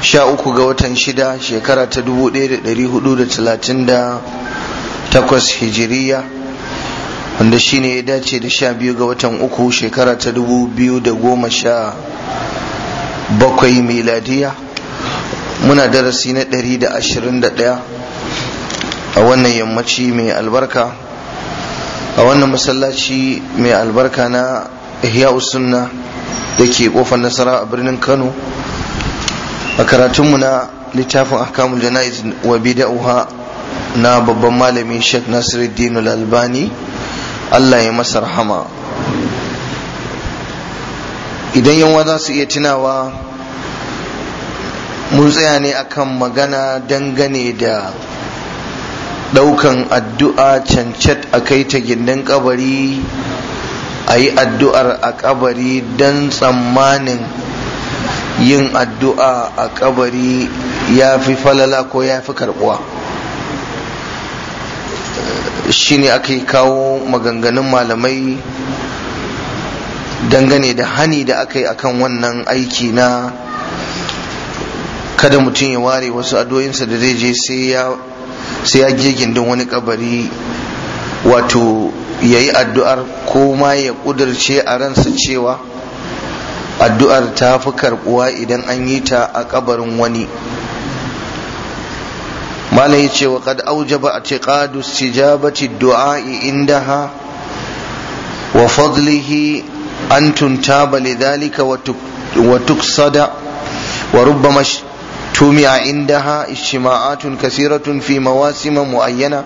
sha uku ga watan shida shekara ta dubu ɗaya da ɗari da talatin da takwas hijiriya wanda shi ne ya dace da sha biyu ga watan uku shekara ta dubu biyu da goma sha bakwai miladiya muna darasi na ɗari da ashirin da ɗaya a wannan yammaci mai albarka a wannan masallaci mai albarka na ihya sunna da ke kofar nasara a birnin kano a karatunmu na littafin ahkamul jana'iz wa uha na babban malami Sheikh Nasiruddin Al-Albani Allah ya masa rahama idan yanwa za su iya tunawa mun tsaya ne akan magana dangane da daukan addu'a cancat a kai ta gindin kabari a yi addu'ar a kabari don tsammanin yin addu'a a kabari ya fi falala ko ya fi karbuwa shi ne aka yi kawo maganganun malamai dangane da hani da aka yi akan wannan aiki na kada mutum ya ware wasu addu'o'insa da zai je sai ya gindin wani kabari wato ya yi addu'ar ko ma ya kudurce a ransa cewa addu'ar ta fi karbuwa idan an yi ta a kabarin wani malam yace wa qad aujaba i'tiqadu istijabati du'a'i indaha wa fadlihi an tuntaba lidhalika wa tuksada wa rubbama tumi'a indaha ishtima'atun kasiratun fi mawasima muayyana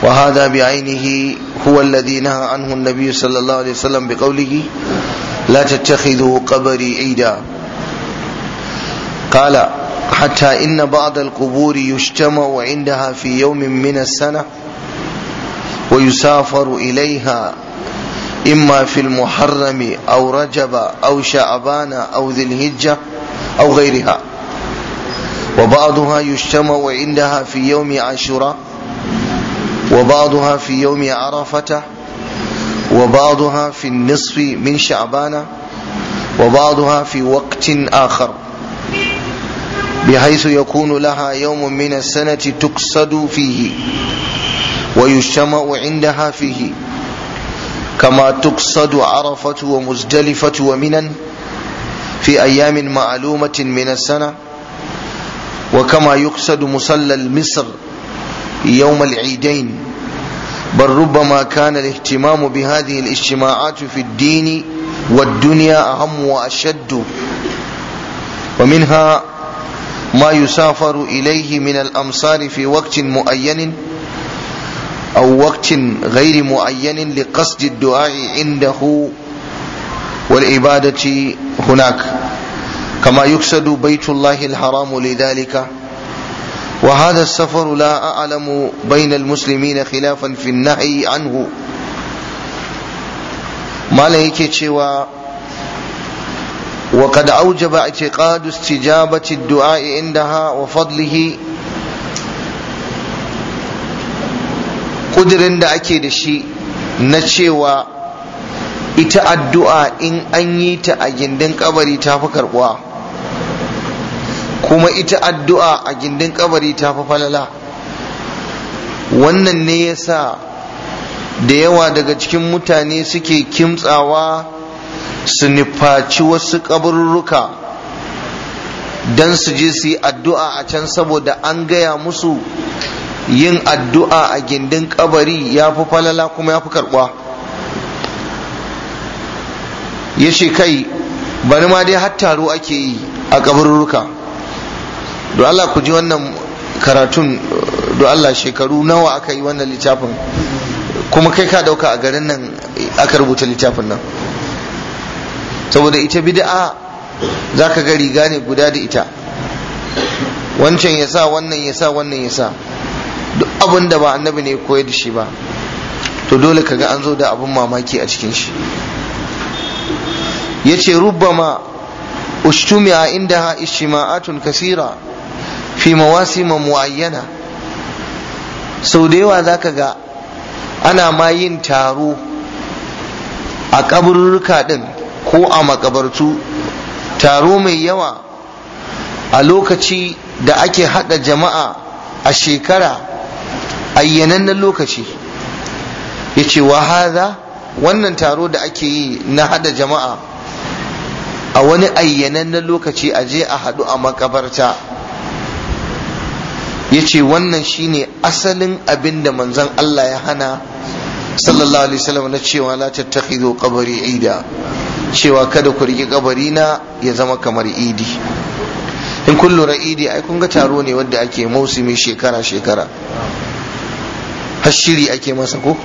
وهذا ainihi هو الذي نهى عنه النبي صلى الله عليه وسلم لا تتخذوا قبري عيدا قال حتى إن بعض القبور يجتمع عندها في يوم من السنة ويسافر إليها إما في المحرم أو رجب أو شعبان أو ذي الهجة أو غيرها وبعضها يجتمع عندها في يوم عاشوراء وبعضها في يوم عرفة وبعضها في النصف من شعبان وبعضها في وقت آخر بحيث يكون لها يوم من السنة تقصد فيه ويجتمع عندها فيه كما تقصد عرفة ومزدلفة ومنن في أيام معلومة من السنة وكما يقصد مصلى المصر يوم العيدين بل ربما كان الاهتمام بهذه الاجتماعات في الدين والدنيا أهم وأشد ومنها ما يسافر إليه من الأمصار في وقت معين أو وقت غير معين لقصد الدعاء عنده والعبادة هناك كما يقصد بيت الله الحرام لذلك وهذا السفر لا أعلم بين المسلمين خلافا في النهي عنه ما لهيك شوى وقد أوجب اعتقاد استجابة الدعاء عندها وفضله قدر عند أكيد الشيء نشوى ita addu'a in an yi ta a gindin kabari ta fi karbuwa kuma ita addu'a a gindin kabari ta fi falala wannan ne ya sa da yawa daga cikin mutane suke kimtsawa su nufaci wasu kaburruka don su je su yi addu'a a can saboda an gaya musu yin addu'a a gindin kabari ya fi falala kuma ya fi karɓa ya kai bari ma dai har taro ake yi a kaburruka do Allah ku ji wannan karatun do Allah shekaru nawa aka yi wannan littafin kuma kai ka dauka a garin nan aka rubuta littafin nan saboda ita bid'a zaka ga riga ne guda da ita wancan ya sa wannan ya sa wannan ya sa duk abin da ba annabi ne koyar da shi ba to dole ka ga an zo da abin mamaki a cikin shi yace rubbama ushtumi'a indaha ishtima'atun kasira fi mu muayyana sau da yawa za ka ga ana ma yin taro a kaburruka ɗin ko a makabartu taro mai yawa a lokaci da ake hada jama'a a shekara na lokaci ya ce wa haza wannan taro da ake yi na hada jama'a a wani na lokaci a je a hadu a makabarta ya ce wannan shine asalin abin da manzan Allah ya hana sallallahu alaihi wasallam na cewa la tattakhidhu qabri ida cewa kada ku rike kabari na ya zama kamar idi in kun lura idi ai kun ga taro ne wanda ake mausumi shekara shekara hashiri ake masa ko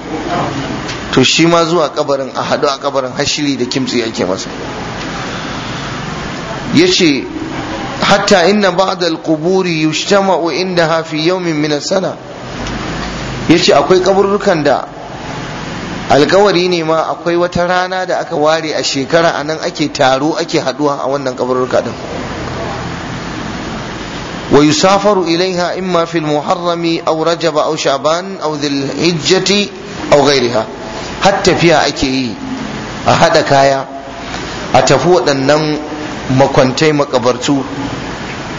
to shi ma zuwa kabarin a hadu a kabarin hashiri da kimtsi ake masa ya ce hatta inna ba'd al-quburi yujtama'u indaha fi yawmin min as-sana yace akwai kaburrukan da alkawari ne ma akwai wata rana da aka ware a shekara a nan ake taro ake haduwa a wannan kaburruka din wa yusafaru ilaiha imma fil muharrami aw rajab aw sha'ban aw dhil hijjati aw ghayriha har tafiya ake yi a hada kaya a tafi waɗannan makwantai makabartu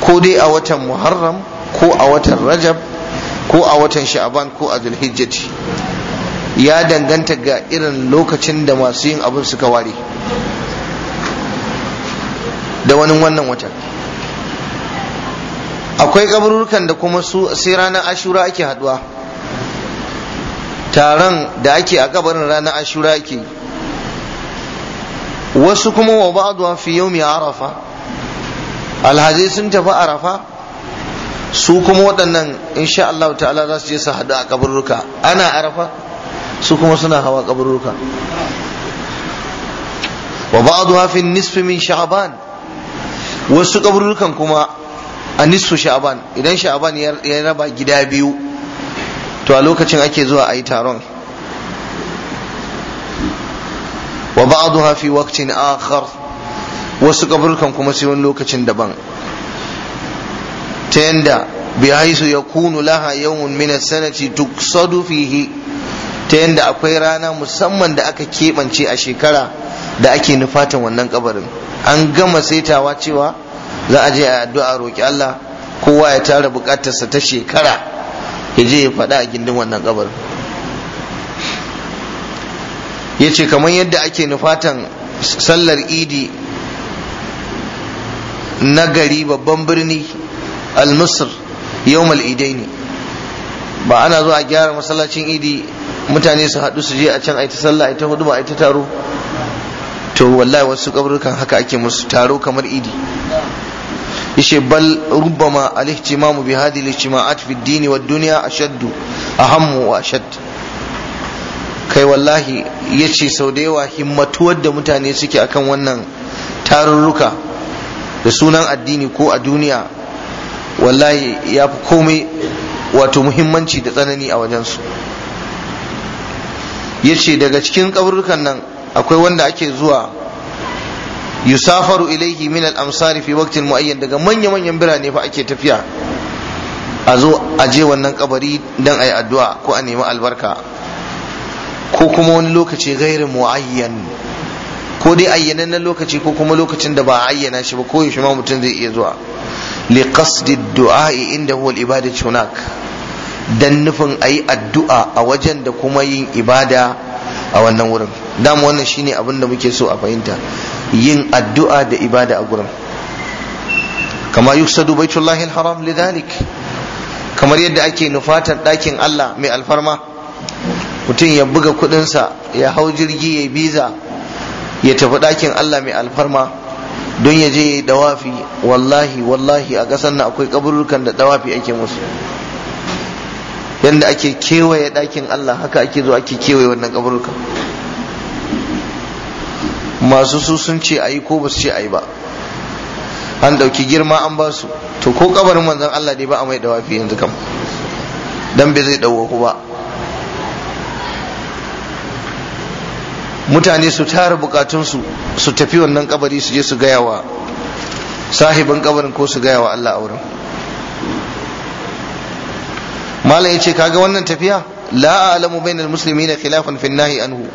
ko dai a watan muharram ko a watan rajab ko a watan sha'aban ko a zulhijjati ya danganta ga irin lokacin da masu yin abin suka ware da wani wannan watan akwai kaburukan da kuma su sai ranar ashura ake haduwa taron da ake a kabarin ranar ashura ake yi wasu kuma wa ba'dha fi yawmi arafa alhaji sun tafi arafa su kuma waɗannan insha Allah ta'ala za su je su haɗu a kaburruka ana arafa su kuma suna hawa kaburruka wa ba'dha fi nisfi min sha'ban wasu kaburrukan kuma a nisfu sha'ban idan sha'ban ya raba gida biyu to a lokacin ake zuwa a yi taron wa ba'daha fi waqtin akhar wasu kaburkan kuma sai wani lokacin daban ta yanda bi haisu yakunu laha yawmun min as-sanati tuqsadu fihi ta yanda akwai rana musamman da aka keɓance a shekara da ake nufatan wannan kabarin an gama saitawa cewa za a je a addu'a roƙi Allah kowa ya tara bukatarsa ta shekara ya je ya faɗa a gindin wannan kabarin ya ce kamar yadda ake nufatan sallar idi na gari babban birni al-misr yawmal ne? ba ana zuwa gyara masallacin idi mutane su haɗu su je a can a ta sallah a ta hudu ba a ta taro to wallahi wasu kaburukan haka ake musu taro kamar idi yace bal rubbama al-ihtimamu bi hadhihi al-ijtima'at fi ad-din wa ad-dunya ashaddu ahammu wa kai wallahi ya ce sau da yawa himmatuwar da mutane suke akan wannan tarurruka da sunan addini ko a duniya wallahi ya fi komai wato muhimmanci da tsanani a wajensu ya ce daga cikin kaburukan nan akwai wanda ake zuwa yusafaru ilaihi min al-amsari fi waqtin muayyan daga manya-manyan birane fa ake tafiya a zo a je wannan kabari don a yi addu'a ko a nemi albarka ko kuma wani lokaci gairin mu'ayyan ko dai na lokaci ko kuma lokacin da ba a ayyana shi ba ko yaushe ma mutum zai iya zuwa li qasdi du'a'i inda huwa al-ibadatu hunak dan nufin ayi addu'a a wajen da kuma yin ibada a wannan wurin dama wannan shine abin da muke so a fahimta yin addu'a da ibada a gurin kama yuksadu baitullahi al-haram lidhalik kamar yadda ake nufatar ɗakin Allah mai alfarma mutum ya buga kudinsa ya hau jirgi ya biza ya tafi ɗakin Allah mai alfarma don ya je ya yi dawafi wallahi wallahi a ƙasar nan akwai kaburukan da dawafi ake musu yadda ake kewaye ɗakin Allah haka ake zo ake kewaye wannan kaburukan masu su sun ce a yi ko ba su ce yi ba an ɗauki girma an ba su to ko kabarin manzon Allah ne ba a mai dawafi yanzu kam don bai zai ɗauko ba mutane su tara bukatunsu su tafi wannan kabari su je su gaya wa sahibin kabarin ko su gaya wa Allah a wurin malam ya ce kaga wannan tafiya la a'lamu bainal muslimina khilafan fi nahi anhu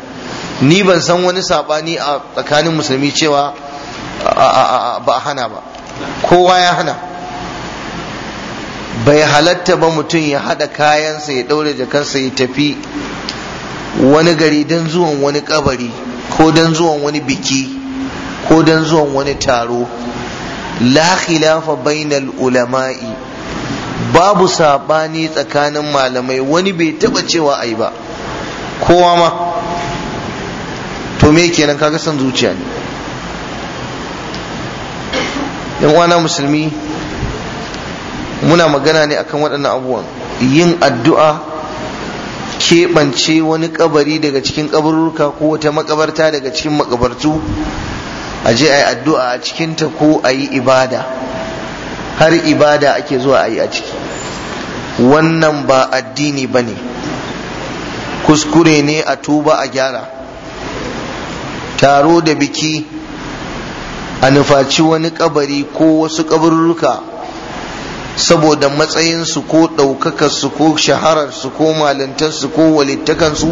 ni ban san wani sabani a tsakanin musulmi cewa ba hana ba kowa ya hana bai halatta ba mutum ya hada kayansa ya daure jakarsa ya tafi wani gari don zuwan wani kabari ko don zuwan wani biki ko don zuwan wani taro la khilafa bainal ulama'i babu sabani tsakanin malamai wani bai taba cewa ai ba kowa ma to me kenan kaga san zuciya ne yan musulmi muna magana ne akan waɗannan abubuwan yin addu'a keɓance wani ƙabari daga cikin kaburruka ko wata makabarta daga cikin makabartu a je a yi addu'a a cikinta ko a yi ibada har ibada ake zuwa a yi a ciki wannan ba addini ba ne kuskure ne a tuba a gyara taro da biki a nufaci wani ƙabari ko wasu kaburruka saboda matsayinsu ko ɗaukakarsu ko shahararsu ko malintarsu ko walittakansu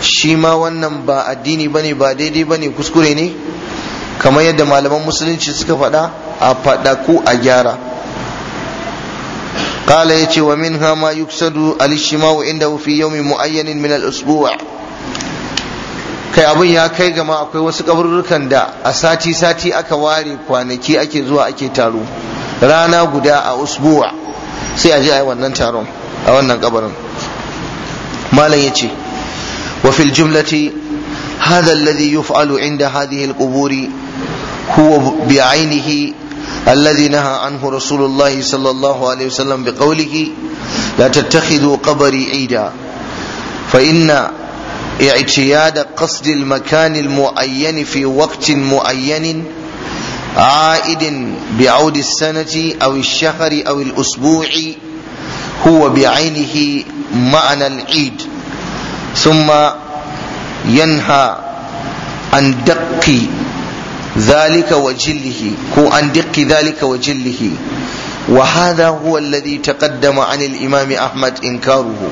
shi ma wannan ba addini ba ne ba daidai ba ne kuskure ne kamar yadda malaman musulunci suka faɗa a faɗa ko a gyara قال يتي ومنها ما يكسد الاجتماع عنده في يوم معين من الأسبوع kai abin ya kai gama akwai wasu kaburrukan da a sati sati aka ware kwanaki ake zuwa ake taro rana guda a usbuwa sai a je a yi wannan taron a wannan kabarin malam ya ce wa fil jumlati hadha alladhi yuf'alu inda hadhihi al-qubur huwa bi aynihi alladhi naha anhu rasulullah sallallahu alaihi wasallam bi qawlihi la tattakhidhu qabri ida fa inna i'tiyada qasdi al-makan al-mu'ayyan fi waqtin mu'ayyanin عائد بعود السنة أو الشهر أو الأسبوع هو بعينه معنى العيد ثم ينهى عن دق ذلك وجله هو عن دق ذلك وجله وهذا هو الذي تقدم عن الإمام أحمد إنكاره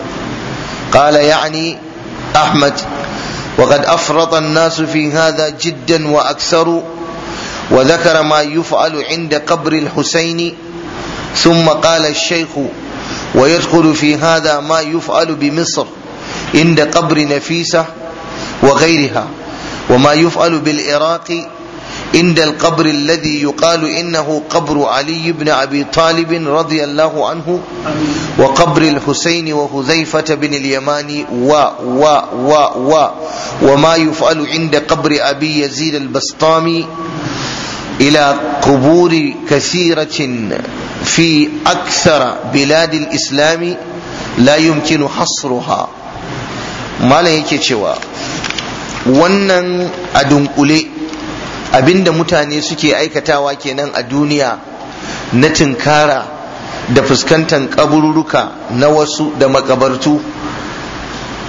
قال يعني أحمد وقد أفرط الناس في هذا جدا وأكثروا وذكر ما يفعل عند قبر الحسين ثم قال الشيخ ويدخل في هذا ما يفعل بمصر عند قبر نفيسة وغيرها وما يفعل بالعراق عند القبر الذي يقال إنه قبر علي بن أبي طالب رضي الله عنه وقبر الحسين وحذيفة بن اليمان و و و و وما يفعل عند قبر أبي يزيد البسطامي إلى قبور كثيرة في أكثر بلاد الإسلام لا يمكن حصرها ما لا wannan a dunkule abinda mutane suke aikatawa kenan a duniya na tinkara da fuskantar kabururuka na wasu da makabartu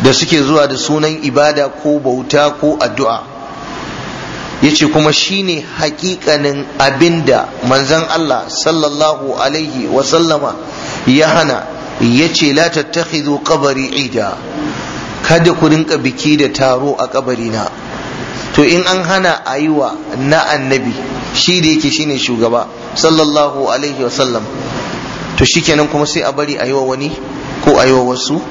da suke zuwa da sunan ibada ko bauta ko addu'a yace kuma shine hakikanin abinda manzon Allah sallallahu alaihi wa sallama ya hana yace la tattakhidhu qabri ida kada ku rinka biki da taro a na, to in an hana ayiwa na annabi shi da yake shine shugaba sallallahu alaihi wa sallam to shikenan kuma sai a bari wa wani ko wa wasu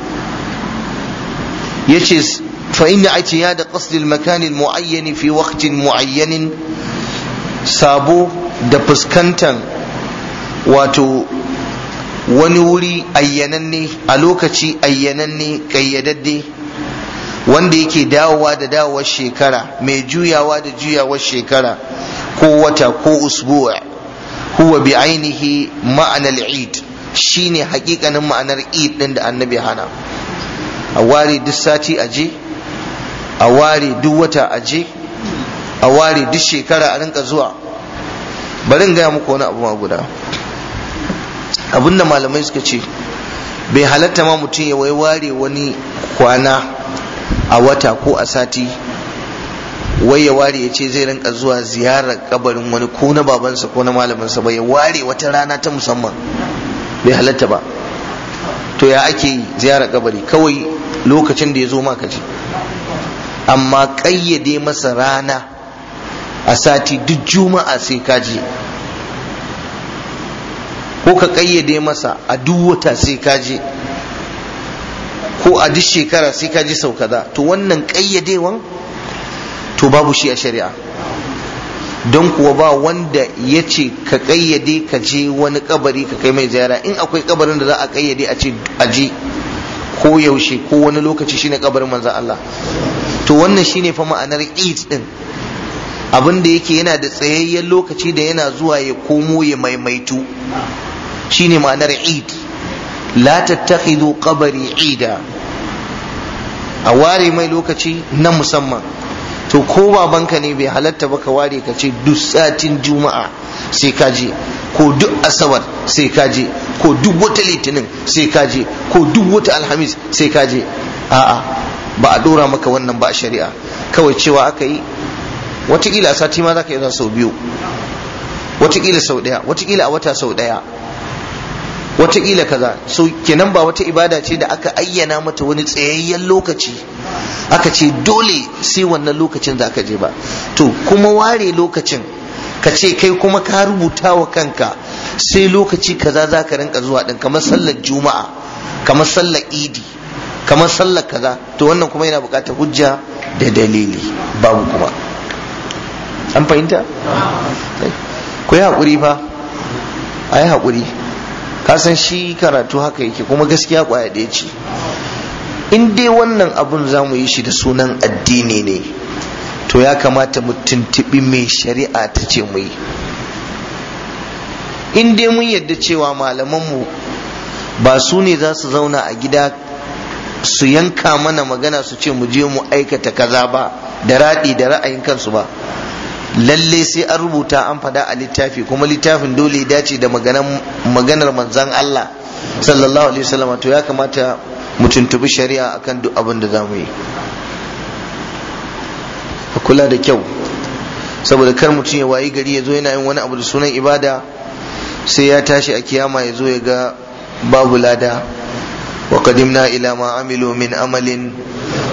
yace فإن اعتياد قصد المكان المعين في وقت معين sabo da fuskantan wato wani wuri ayyananne a lokaci kayyadadde wanda yake dawowa da dawowar shekara mai juyawa da juyawar shekara ko wata ko usbu'a huwa bi ainihi ma'anar eid shine hakikanin ma'anar eid din da annabi hana a ware duk sati aje a ware duk wata aje a ware duk shekara a rinka zuwa bari gaya muku wani abu ma guda abinda malamai suka ce bai halatta ma mutum ya wai ware wani kwana a wata ko a sati wai ya ware ya ce zai rinka zuwa ziyarar kabarin wani ko na babansa ko na malaminsa ba ya ware wata rana ta musamman bai halatta ba to ya ake yi ziyarar kabari kawai lokacin da ya zo maka ce amma kayyade masa rana a sati duk juma'a sai kaji ko ka kayyade masa a duk wata sai kaji ko a duk shekara sai kaji sau kaza to wannan ƙayyadewan to babu shi a shari'a don kuwa ba wanda ya ce ka kayyade ka je wani kabari ka kai mai ziyara in akwai kabarin da za a ƙayyade a ce aje ko yaushe ko wani lokaci shine kabarin manzan Allah to wannan shine fa ma'anar eid din abin da yake yana da tsayayyen lokaci da yana zuwa ya komo ya maimaitu shine ma'anar eid la tattakhidhu qabri ida a ware mai lokaci na musamman to ko babanka ne bai halatta ba ka ware ka ce duk satin juma'a sai ka je ko duk asabar sai ka je ko duk wata litinin sai ka je ko duk wata alhamis sai ka je a'a ba a dora maka wannan ba a shari'a kawai cewa aka yi watakila sati ma za ka iya sau biyu watakila sau daya watakila a wata sau daya watakila kaza so kenan ba wata ibada ce da aka ayyana mata wani tsayayyen lokaci aka ce dole sai wannan lokacin za ka je ba to kuma ware lokacin ka ce kai kuma ka rubuta wa kanka sai lokaci kaza za ka rinka zuwa ɗin, kamar sallar juma'a kamar sallar idi kamar sallar kaza to wannan kuma yana bukatar hujja da dalili babu kuma an fahimta ku yi haƙuri fa a yi haƙuri kasan shi karatu haka yake kuma gaskiya kwaya ɗaya ce in dai wannan abun za mu yi shi da sunan addini ne to ya kamata mu tuntuɓi mai shari'a ta ce mu yi in dai mun yadda cewa malamanmu ba su ne za su zauna a gida su yanka mana magana su ce mu je mu aikata kaza ba da raɗi da ra'ayin kansu ba lalle sai an rubuta an fada a littafi kuma littafin dole ya dace da maganar manzan Allah sallallahu alaihi wasallam to ya kamata mu tuntubi shari'a akan duk abin da zamu yi kula da kyau saboda kar mutum ya wayi gari ya zo yana yin wani abu da sunan ibada sai ya tashi a kiyama ya zo ya ga babu lada وقدمنا إلى ما عملوا من عمل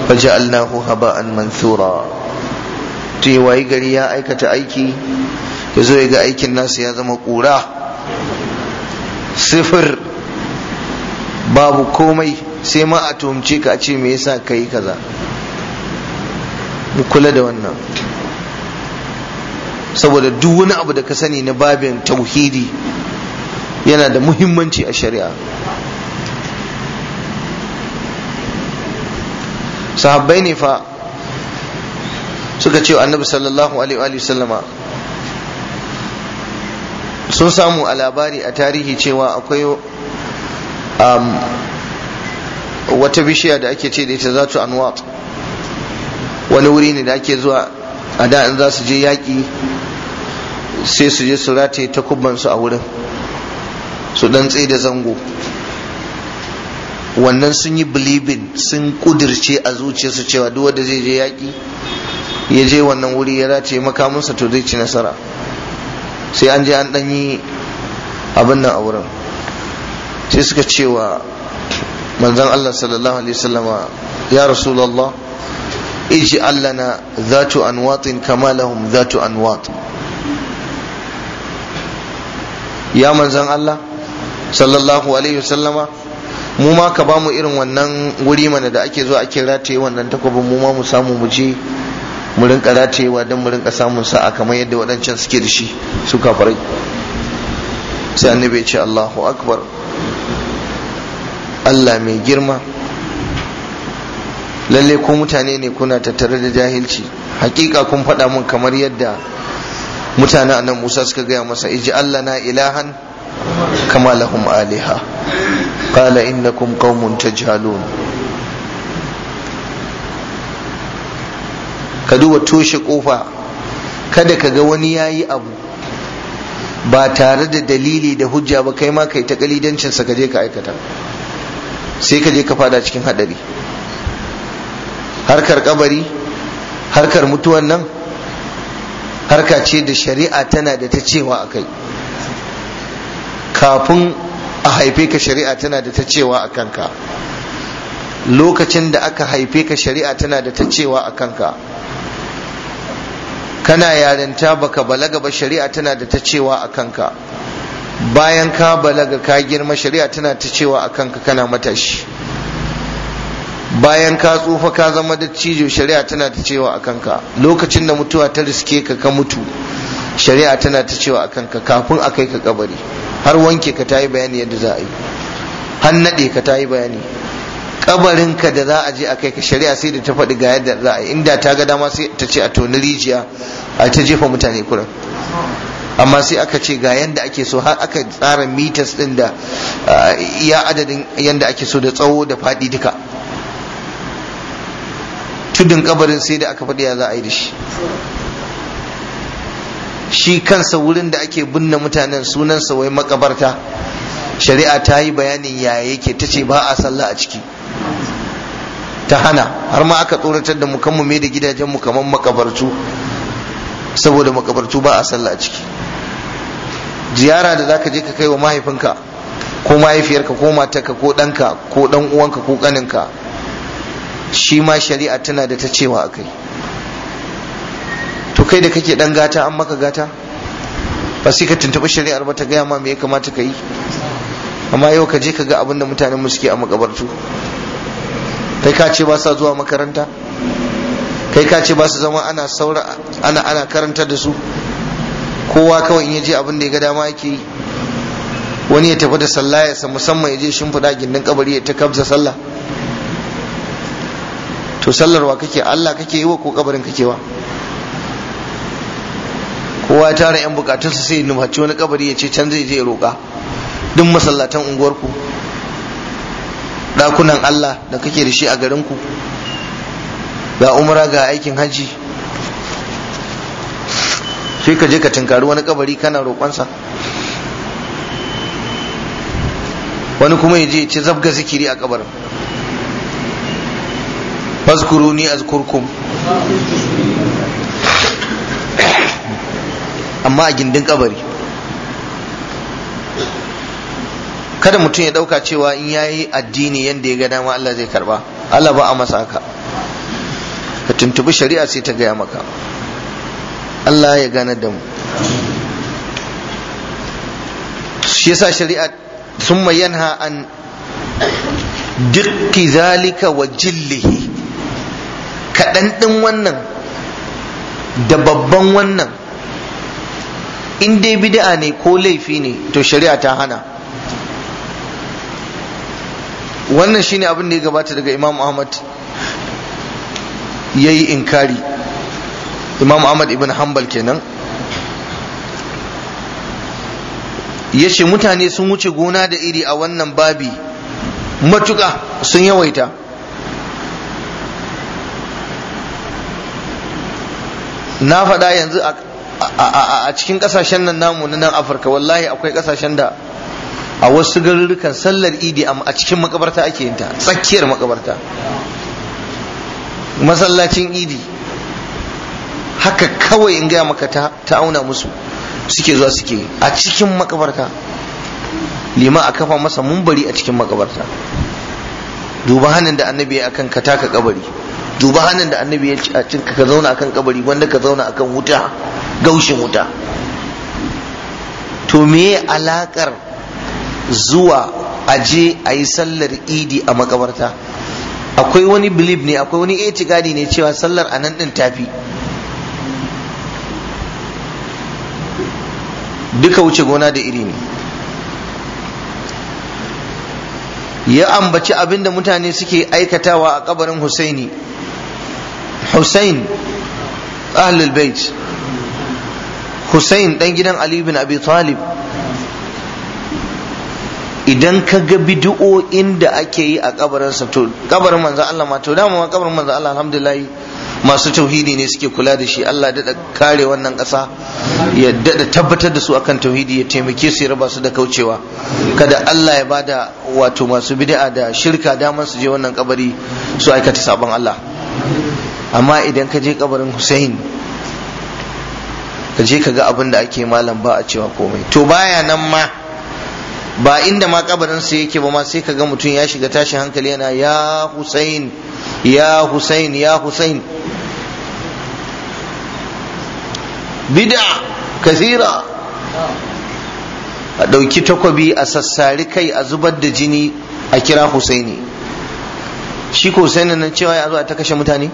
فجعلناه هباء منثورا تي واي غري يا ايكتا ايكي yazo ya ga aikin nasa ya zama ƙura sifir babu komai sai ma a tuhumce ka a ce me yasa ka yi kaza mu kula da wannan saboda duk wani abu da ka sani na babin tauhidi yana da muhimmanci a shari'a sahabbai ne fa suka ce annabi sallallahu alaihi sallama sun samu a labari a tarihi cewa akwai um, wata bishiya da ake ce da ita zatu anwat wani wuri ne da ake zuwa a da in za su je yaƙi sai su je su rataye su a wurin su dan tsaye da zango wannan sun yi bilibin sun kudirce a zuciyarsu cewa duk wanda zai je yaƙi ya je wannan wuri ya race makamunsa to zai ci nasara sai an je an yi abin nan a wurin sai suka cewa manzan Allah sallallahu alaihi wasallama ya rasulallah iji allana zatu anwatin kama lahum zatu anwat ya manzan Allah sallallahu alaihi wasallama mu ma ka bamu irin wannan wuri mana da ake zuwa ake rataye wannan takwabin mu ma mu samu mu je mu rinka ratayewa don mu rinka samun sa'a kamar yadda waɗancan suke da shi su kafarai sai annabi ya ce Allahu akbar Allah mai girma lalle ko mutane ne kuna tattare da jahilci hakika kun faɗa mun kamar yadda mutane annan Musa suka gaya masa iji Allah na ilahan kama lahum aliha قال إنكم قوم تجهلون كدوب توشي قوفا kada ka ga wani ya abu ba tare da dalili da hujja ba kai ma kai ta kalidancinsa ka je ka aikata sai ka ka fada cikin hadari harkar kabari harkar mutuwan nan harka ce da shari'a tana da ta cewa a kai kafin a haife ka shari'a tana da ta cewa a kanka lokacin da aka haife ka shari'a tana da ta cewa a kanka kana yarinta baka balaga ba shari'a tana da ta cewa a kanka bayan ka balaga ka girma shari'a tana ta cewa a kanka kana matashi bayan ka tsufa ka zama da cijo shari'a tana ta cewa a kanka lokacin da mutuwa ta riske ka ka mutu shari'a tana ta cewa a kanka kafin a kai ka kabari har wanke ka ta bayani yadda za a yi har naɗe ka ta yi bayani ka da za a je a kai ka shari'a sai da ta faɗi ga yadda za a yi inda ta ga dama sai ta ce a toni rijiya a ta jefa mutane kuran amma sai aka ce ga yadda ake so har aka tsara mitas ɗin da eh, ya adadin yadda ake so da tsawo da faɗi duka tudun kabarin sai da aka faɗi ya za a yi da shi shi kansa wurin da ake binne mutanen sunansa wai makabarta shari'a ta yi bayanin yaya yake ta ce ba a sallah a ciki ta hana har ma aka tsoratar da mu kan da gidajen mu kamar makabartu saboda makabartu ba a sallah a ciki ziyara da zaka je ka kai wa mahaifinka ko mahaifiyarka ko matarka ko ɗanka ko ɗan uwanka ko kaninka, shi ma shari'a tana da ta cewa a kai to kai da kake dan gata an maka gata ba sai ka tuntuɓi shari'ar ba ta gaya ma me ya kamata ka yi amma yau ka je ka ga abin da mutanen mu suke a makabartu kai ka ce ba sa zuwa makaranta kai ka ce ba su zama ana saura ana ana karantar da su kowa kawai in ya je abin da ya ga dama yake yi wani ya tafi da sallah ya musamman ya je shimfiɗa gindin kabari ya ta kabza sallah to sallarwa kake Allah kake yi wa ko kabarin kake wa kowa ya tara yan bukatunsa sai ya nufaci wani kabari ya ce can zai je ya roƙa duk masallatan unguwarku ɗakunan Allah da kake da shi a garinku ga umra ga aikin hajji sai ka je ka tinkari wani kabari kana roƙonsa wani kuma ya je ya ce zabga zikiri a kabarin ni azkurkum amma a gindin kabari kada mutum ya dauka cewa in yayi addini yadda ya ga dama Allah zai karba Allah ba a masa haka ka tuntubi shari'a sai ta gaya maka Allah ya gane da mu shi yasa shari'a sun yanha an dukki zalika wa jillihi kaɗan ɗin wannan da babban wannan in dai bid'a ne ko laifi ne to shari'a ta hana wannan shine abin da ya gabata daga imam ahmad ya yi inkari imam ahmad ibn hanbal kenan ya ce mutane sun wuce gona da iri a wannan babi matuka sun yawaita na faɗa yanzu a a cikin kasashen nan namu na nan afirka wallahi akwai kasashen da a wasu garurrukan sallar idi a cikin makabarta ake yinta tsakiyar makabarta masallacin idi haka kawai in gaya maka ta auna musu suke zuwa suke a cikin makabarta lima a kafa masa mumbari a cikin makabarta duba hannun da annabi akan ka taka kabari duba hannun da annabi ya ce a cin ka zauna akan kabari wanda ka zauna akan wuta gaushin wuta to me alakar zuwa aje a yi sallar idi a makabarta akwai wani bilib ne akwai wani itikadi ne cewa sallar a nan din tafi duka wuce gona da iri ne ya ambaci abinda mutane suke aikatawa a kabarin husaini Hussain, ahlul bait Hussain, dan gidan Ali bin Abi Talib idan ka ga bid'o'in da ake yi a kabarinsa to kabarin manzo Allah ma to dama ma kabarin manzo Allah alhamdulillah masu tauhidi ne suke kula da shi Allah dada kare wannan ƙasa ya dada tabbatar da su akan tauhidi ya taimake su ya raba su da kaucewa kada Allah ya bada wato masu bid'a da shirka damar su je wannan kabari su aikata sabon Allah amma idan ka je kabarin Hussein ka je ka ga abin da ake malam ba a cewa komai to baya nan ma ba inda ma kabarin su yake ba ma sai ka ga mutum ya shiga tashin hankali yana ya Hussein ya Hussein ya Hussein bid'a kasira a ɗauki takwabi a sassari kai a zubar da jini a kira Husaini shi ko sai nan cewa ya zo a ta kashe mutane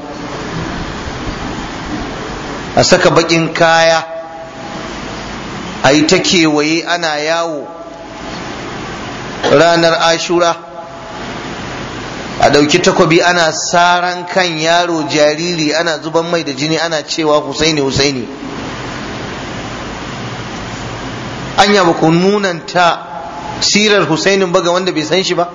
a saka bakin kaya a yi ta kewaye ana yawo ranar ashura a ɗauki takobi ana saran kan yaro jariri ana zuban mai da jini ana cewa husaini husaini anya ba ku nunanta sirar husainin ba ga wanda bai san shi ba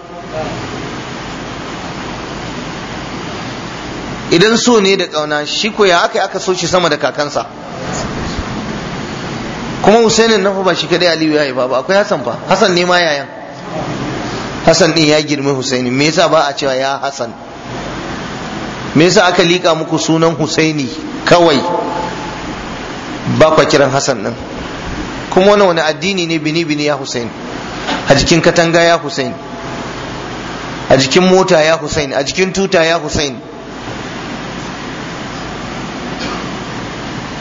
idan so ne da ƙauna shi ko ya aka aka so shi sama da kakansa kuma husainin na ba shi kadai aliyu ya haifa ba akwai hasan fa Hassan ne ma yayan Hassan din ya girme husaini me yasa ba a cewa ya Hassan me yasa aka liƙa muku sunan husaini kawai ba kwa kiran Hassan din kuma wannan wani addini ne bini bini ya husaini a jikin katanga ya husaini a jikin mota ya husaini a jikin tuta ya husaini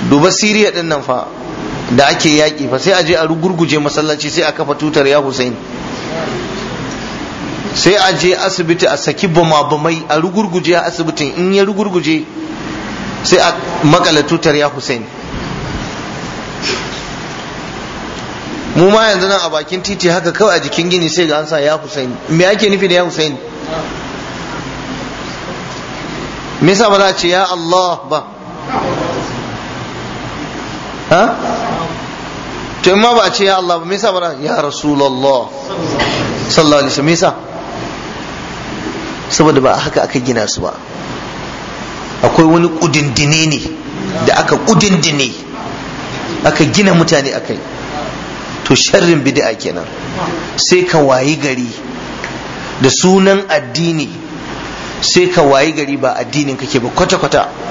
duba siriya din nan fa da ake yaƙi fa sai a je a rugurguje masallaci sai a kafa tutar ya hussein sai a je asibiti a saki bama-bamai a rugurguje a asibitin in ya rugurguje sai a makala tutar ya hussein mu ma yanzu nan a bakin titi haka kawai a jikin gini sai ga an sa ya hussein me ake nufi da ya hussein me yasa ba za a ce ya allah ba ha to in ma ba a ce ya Allah ba me yasa ba ya rasulullah sallallahu alaihi wasallam me saboda ba haka aka gina su ba akwai wani kudindine ne da aka kudindine aka gina mutane akai to sharrin bid'a kenan sai ka wayi gari da sunan addini sai ka wayi gari ba addinin kake ba kwata-kwata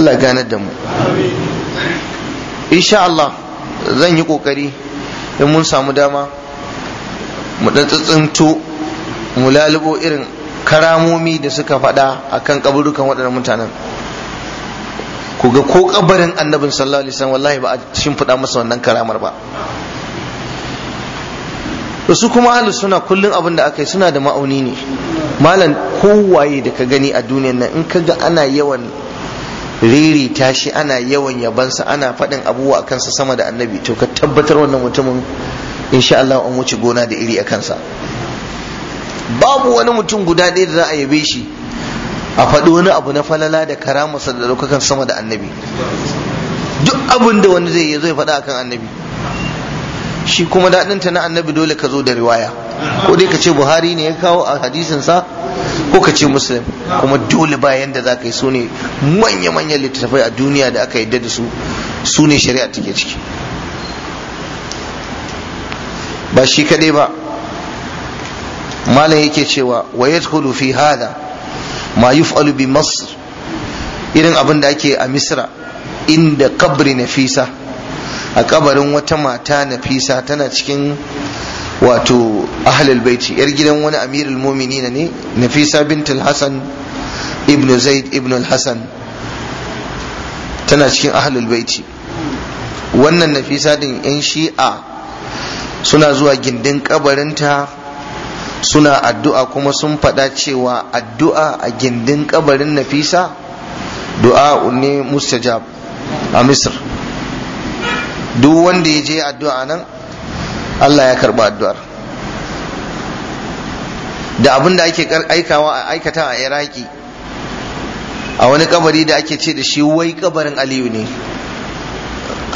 Allah ganar da mu insha Allah zan yi kokari in mun samu dama mu dan tsintsinto mu lalubo irin karamomi da suka faɗa akan kaburukan waɗannan mutanen ku ga ko kabarin annabin sallallahu alaihi wasallam wallahi ba a shimfiɗa masa wannan karamar ba su kuma ahlus suna kullum abin da aka yi suna da ma'auni ne malam kowaye da ka gani a duniyan nan in ka ga ana yawan riri tashi ana yawan yabansa ana faɗin abubuwa a kansa sama da annabi to ka tabbatar wannan mutumin insha Allah an wuce gona da iri a kansa babu wani mutum guda ɗaya da za a yabe shi a faɗi wani abu na falala da karamarsa da ɗaukakan sama da annabi duk abin da wani zai zai faɗa akan annabi shi kuma daɗinta na annabi dole ka zo da riwaya ko dai ka ce buhari ne ya kawo a hadisinsa ko ka ce muslim kuma dole ba yanda za ka yi su ne manya-manyan littattafai a duniya da aka yadda da su su ne shari'a take ciki ba shi kadai ba malam yake cewa wa yadkhulu fi hada ma yuf'alu bi masr irin abin da ake a misra inda kabri nafisa a kabarin wata mata nafisa tana cikin wato ahlul baiti yar gidan wani amirul mu'minina ne nafisa bintul hasan ibnu zaid ibnu hasan tana cikin ahlul baiti wannan nafisa din yan shi'a suna zuwa gindin kabarinta suna addu'a kuma sun faɗa cewa addu'a a gindin kabarin nafisa du'a ne mustajab a misr duk wanda ya je addu'a nan Allah ya karba addu'ar da abin da ake aikawa a aikata a iraki a wani kabari da ake ce da shi wai kabarin aliyu ne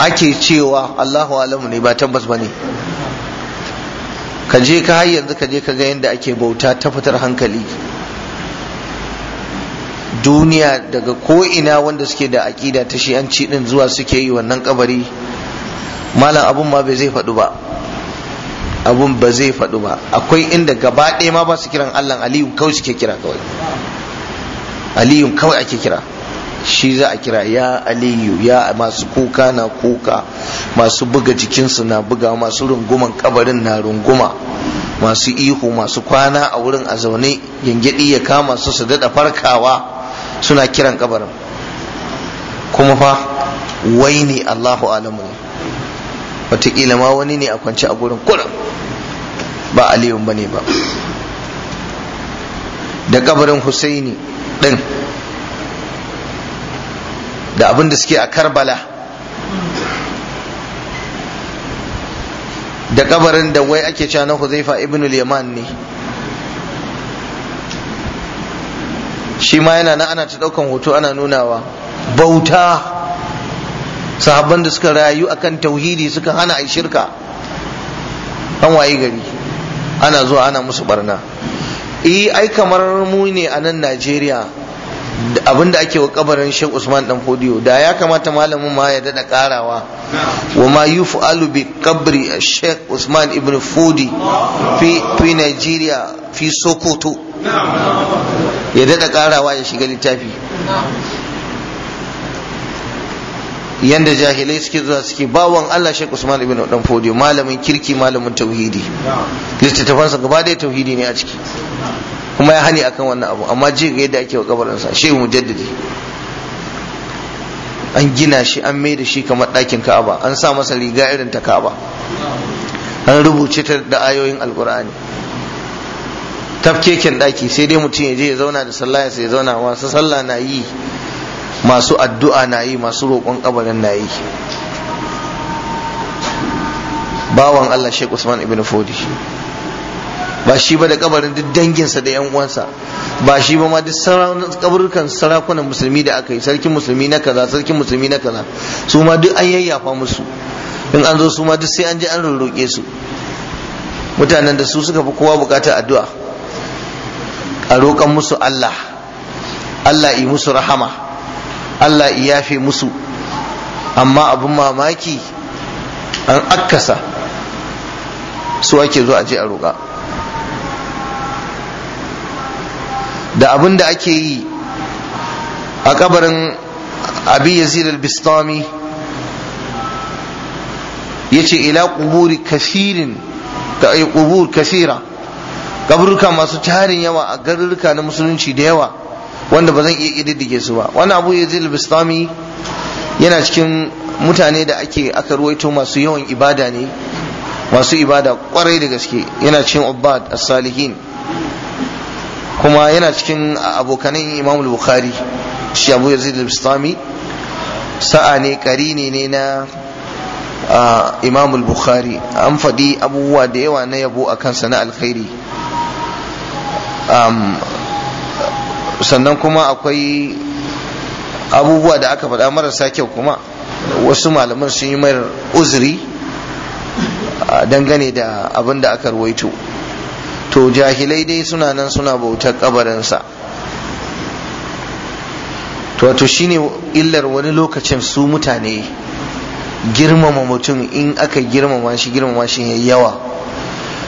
ake cewa allahu alamu ne ba tabbas ba ne ka je ka yanzu ka je ka ga yadda ake bauta ta fitar hankali duniya daga ko'ina wanda suke da aƙida ta shi'anci din zuwa suke yi wannan kabari malam abun ma bai zai faɗu ba abun ba zai faɗu ba akwai inda gaba ɗaya ma ba su kiran Allah aliyu kawai suke kira kawai aliyu kawai ake kira shi za a kira ya aliyu ya masu kuka na kuka masu buga jikinsu na buga masu runguman kabarin na runguma masu ihu masu kwana a wurin a zaune gyangyaɗi ya kama su su daɗa farkawa suna kiran kabarin kuma fa wai ne allahu alamu ne wataƙila ma wani ne a kwance a gurin kuram ba aliyun ba ne ba da kabarin husaini ɗin da abin da suke a karbala da kabarin da wai ake cewa na huzaifa ibn yaman ne shi ma yana na ana ta ɗaukan hoto ana nunawa bauta sahabban da suka rayu akan tauhidi suka hana ai shirka an waye gari ana zuwa ana musu barna eh ai kamar mu ne a nan Najeriya abinda ake wa kabarin Sheikh Usman dan Fodiyo da ya kamata malamin ma ya dada karawa wa ma yuf'alu bi qabri Sheikh Usman ibn Fodi fi fi Najeriya fi Sokoto ya dada karawa ya shiga littafi yanda jahilai suke zuwa suke bawon Allah Sheikh Usman ibn Dan Fodio malamin kirki malamin tauhidi littattafansa gaba ɗaya tauhidi ne a ciki kuma ya hani akan wannan abu amma ji ga yadda ake wa sa Sheikh Mujaddidi an gina shi an mai da shi kamar ɗakin Ka'aba an sa masa riga irin ta Ka'aba an rubuce ta da ayoyin Alkur'ani tafkeken ɗaki sai dai mutum ya je ya zauna da sallah ya sai ya zauna wasu sallah na yi masu addu'a na yi masu roƙon ƙabarin na yi bawan Allah Sheikh Usman ibn Fodi ba shi ba da ƙabarin duk danginsa da yan uwansa ba shi ba ma duk ƙabarukan sarakunan musulmi da aka yi sarkin musulmi na kaza sarkin musulmi na kaza su ma duk an yayyafa musu in an zo su ma duk sai an je an rurruke su mutanen da su suka fi kowa bukata addu'a a roƙan musu Allah Allah yi musu rahama Allah ya fi musu amma abin mamaki an akasa su ake zuwa je a roƙa da abin da ake yi a kabarin abi yazid al-bistami yace ila quburi kafirin ta ay eh, qubur kafira kaburuka masu tarin yawa a garuruka na musulunci da yawa wanda ba zan iya ƙididdige su ba wani abu yazid bistami yana cikin mutane da ake aka ruwaito masu yawan ibada ne masu ibada kwarai da gaske yana cikin ubbad as-salihin kuma yana cikin abokanan imam bukhari shi abu yazid bistami sa'a ne karine ne na imam bukhari an faɗi abubuwa da yawa na yabo a kansa na alkhairi sannan kuma akwai abubuwa da aka faɗa marasa kyau kuma wasu malaman sun yi mai uzuri dangane da abin da aka ruwaito to jahilai dai suna nan suna bautar kabarinsa to wato shine illar wani lokacin su mutane girmama mutum in aka girmama shi girmama shi yawa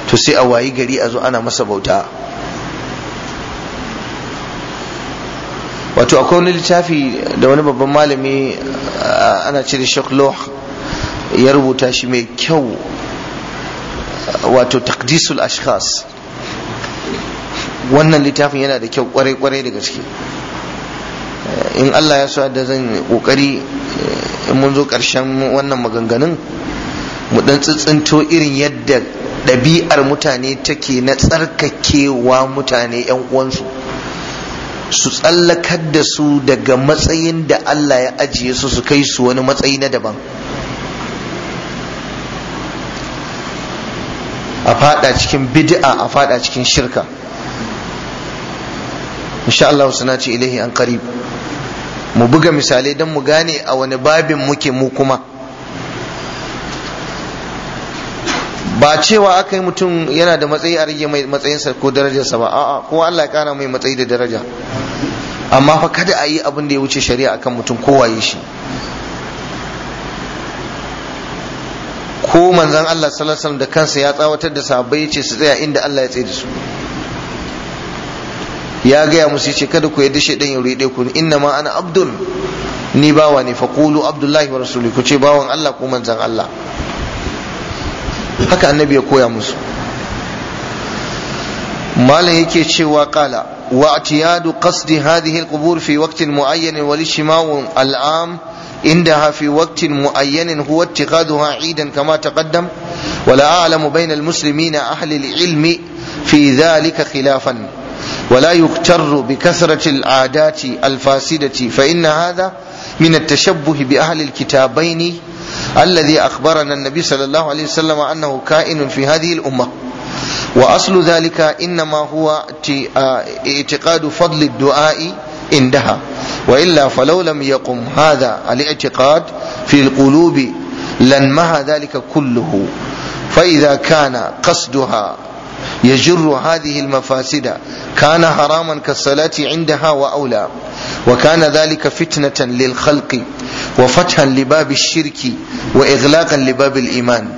to sai a wayi gari a zo ana masa bauta wato akwai wani littafi da wani babban malami ana ce da Loh ya rubuta shi mai kyau wato takdisul ashkhas wannan littafin yana da kyau kwarai-kwarai da gaske in Allah ya sa da zan kokari in mun zo karshen wannan maganganun mu dan tsitsinto irin yadda ɗabi'ar mutane take na tsarkakewa mutane 'yan uwansu su tsallakar da su daga matsayin da Allah ya ajiye su su kai su wani matsayi na daban a fada cikin bid'a a fada cikin shirka insha Allah suna ce ilahi an qarib mu buga misalai don mu gane a wani babin muke mu kuma ba cewa aka yi mutum yana da matsayi a rage mai matsayinsa ko darajarsa ba a'a ko Allah ya kara mai matsayi da daraja amma fa kada a yi abin da ya wuce shari'a akan mutum ko waye shi ko manzon Allah sallallahu alaihi da kansa ya tsawatar da sahabbai ce su tsaya inda Allah ya tsaye da su ya gaya musu ce kada ku yadda shaidan ya ruɗe ku inna ma ana abdul ni bawa ne faqulu abdullahi wa rasuli ku ce bawan Allah ko manzon Allah haka annabi ya koya musu malam yake cewa kala wa kasdi qasdi hadhihi alqubur fi waqtin muayyan wal shimaw al'am indaha fi waqtin muayyan huwa ittiqaduha eidan kama taqaddam wala a'lamu bayna almuslimin ahli alilm fi dhalika khilafan wala yuqtarru bi kasrati al'adati alfasidati fa inna hadha min at-tashabbuh bi ahli alkitabaini الذي أخبرنا النبي صلى الله عليه وسلم أنه كائن في هذه الأمة وأصل ذلك إنما هو اعتقاد فضل الدعاء عندها وإلا فلو لم يقم هذا الاعتقاد في القلوب لانمها ذلك كله فإذا كان قصدها يجر هذه المفاسد كان حراما كالصلاة عندها وأولى وكان ذلك فتنة للخلق وفتحا لباب الشرك وإغلاقا لباب الإيمان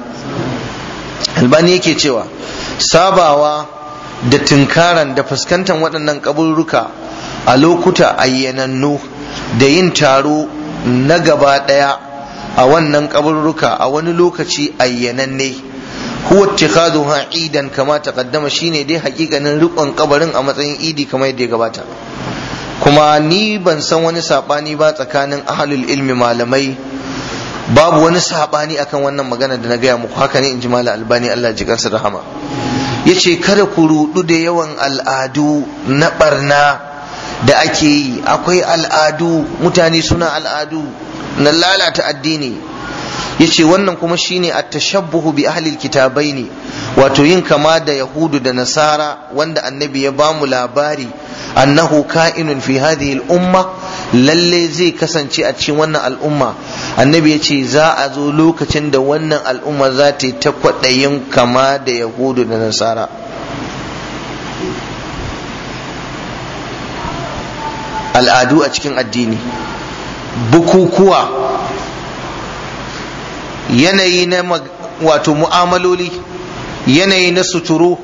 الباني يكي cewa sabawa da tinkaran da fuskantar waɗannan kaburruka a lokuta ayyanannu da yin taro na gaba ɗaya a wannan kaburruka a wani lokaci ayyananne huwa ittikhaduha idan kama taqaddama shine dai hakikanin rikon kabarin a matsayin idi kamar yadda ya gabata kuma ni ban san wani sabani ba tsakanin ahlul ilmi malamai babu wani sabani akan wannan magana da na gaya muku haka ne inji malam albani Allah ji kansa rahama yace kada ku rudu da yawan al'adu na barna da ake yi akwai al'adu mutane suna al'adu na lalata addini yace wannan kuma shine at-tashabbuhu bi ahli kitabaini wato yin kama da yahudu da nasara wanda annabi ya bamu labari annahu ka'inun fi hadhihi al-umma lalle zai kasance a cikin wannan al'umma annabi yace za a zo lokacin da wannan al'umma za ta yi ta kwaɗayin kama da yahudu da nasara al'adu a cikin addini bukukuwa yanayi na wato mu'amaloli yanayi na suturu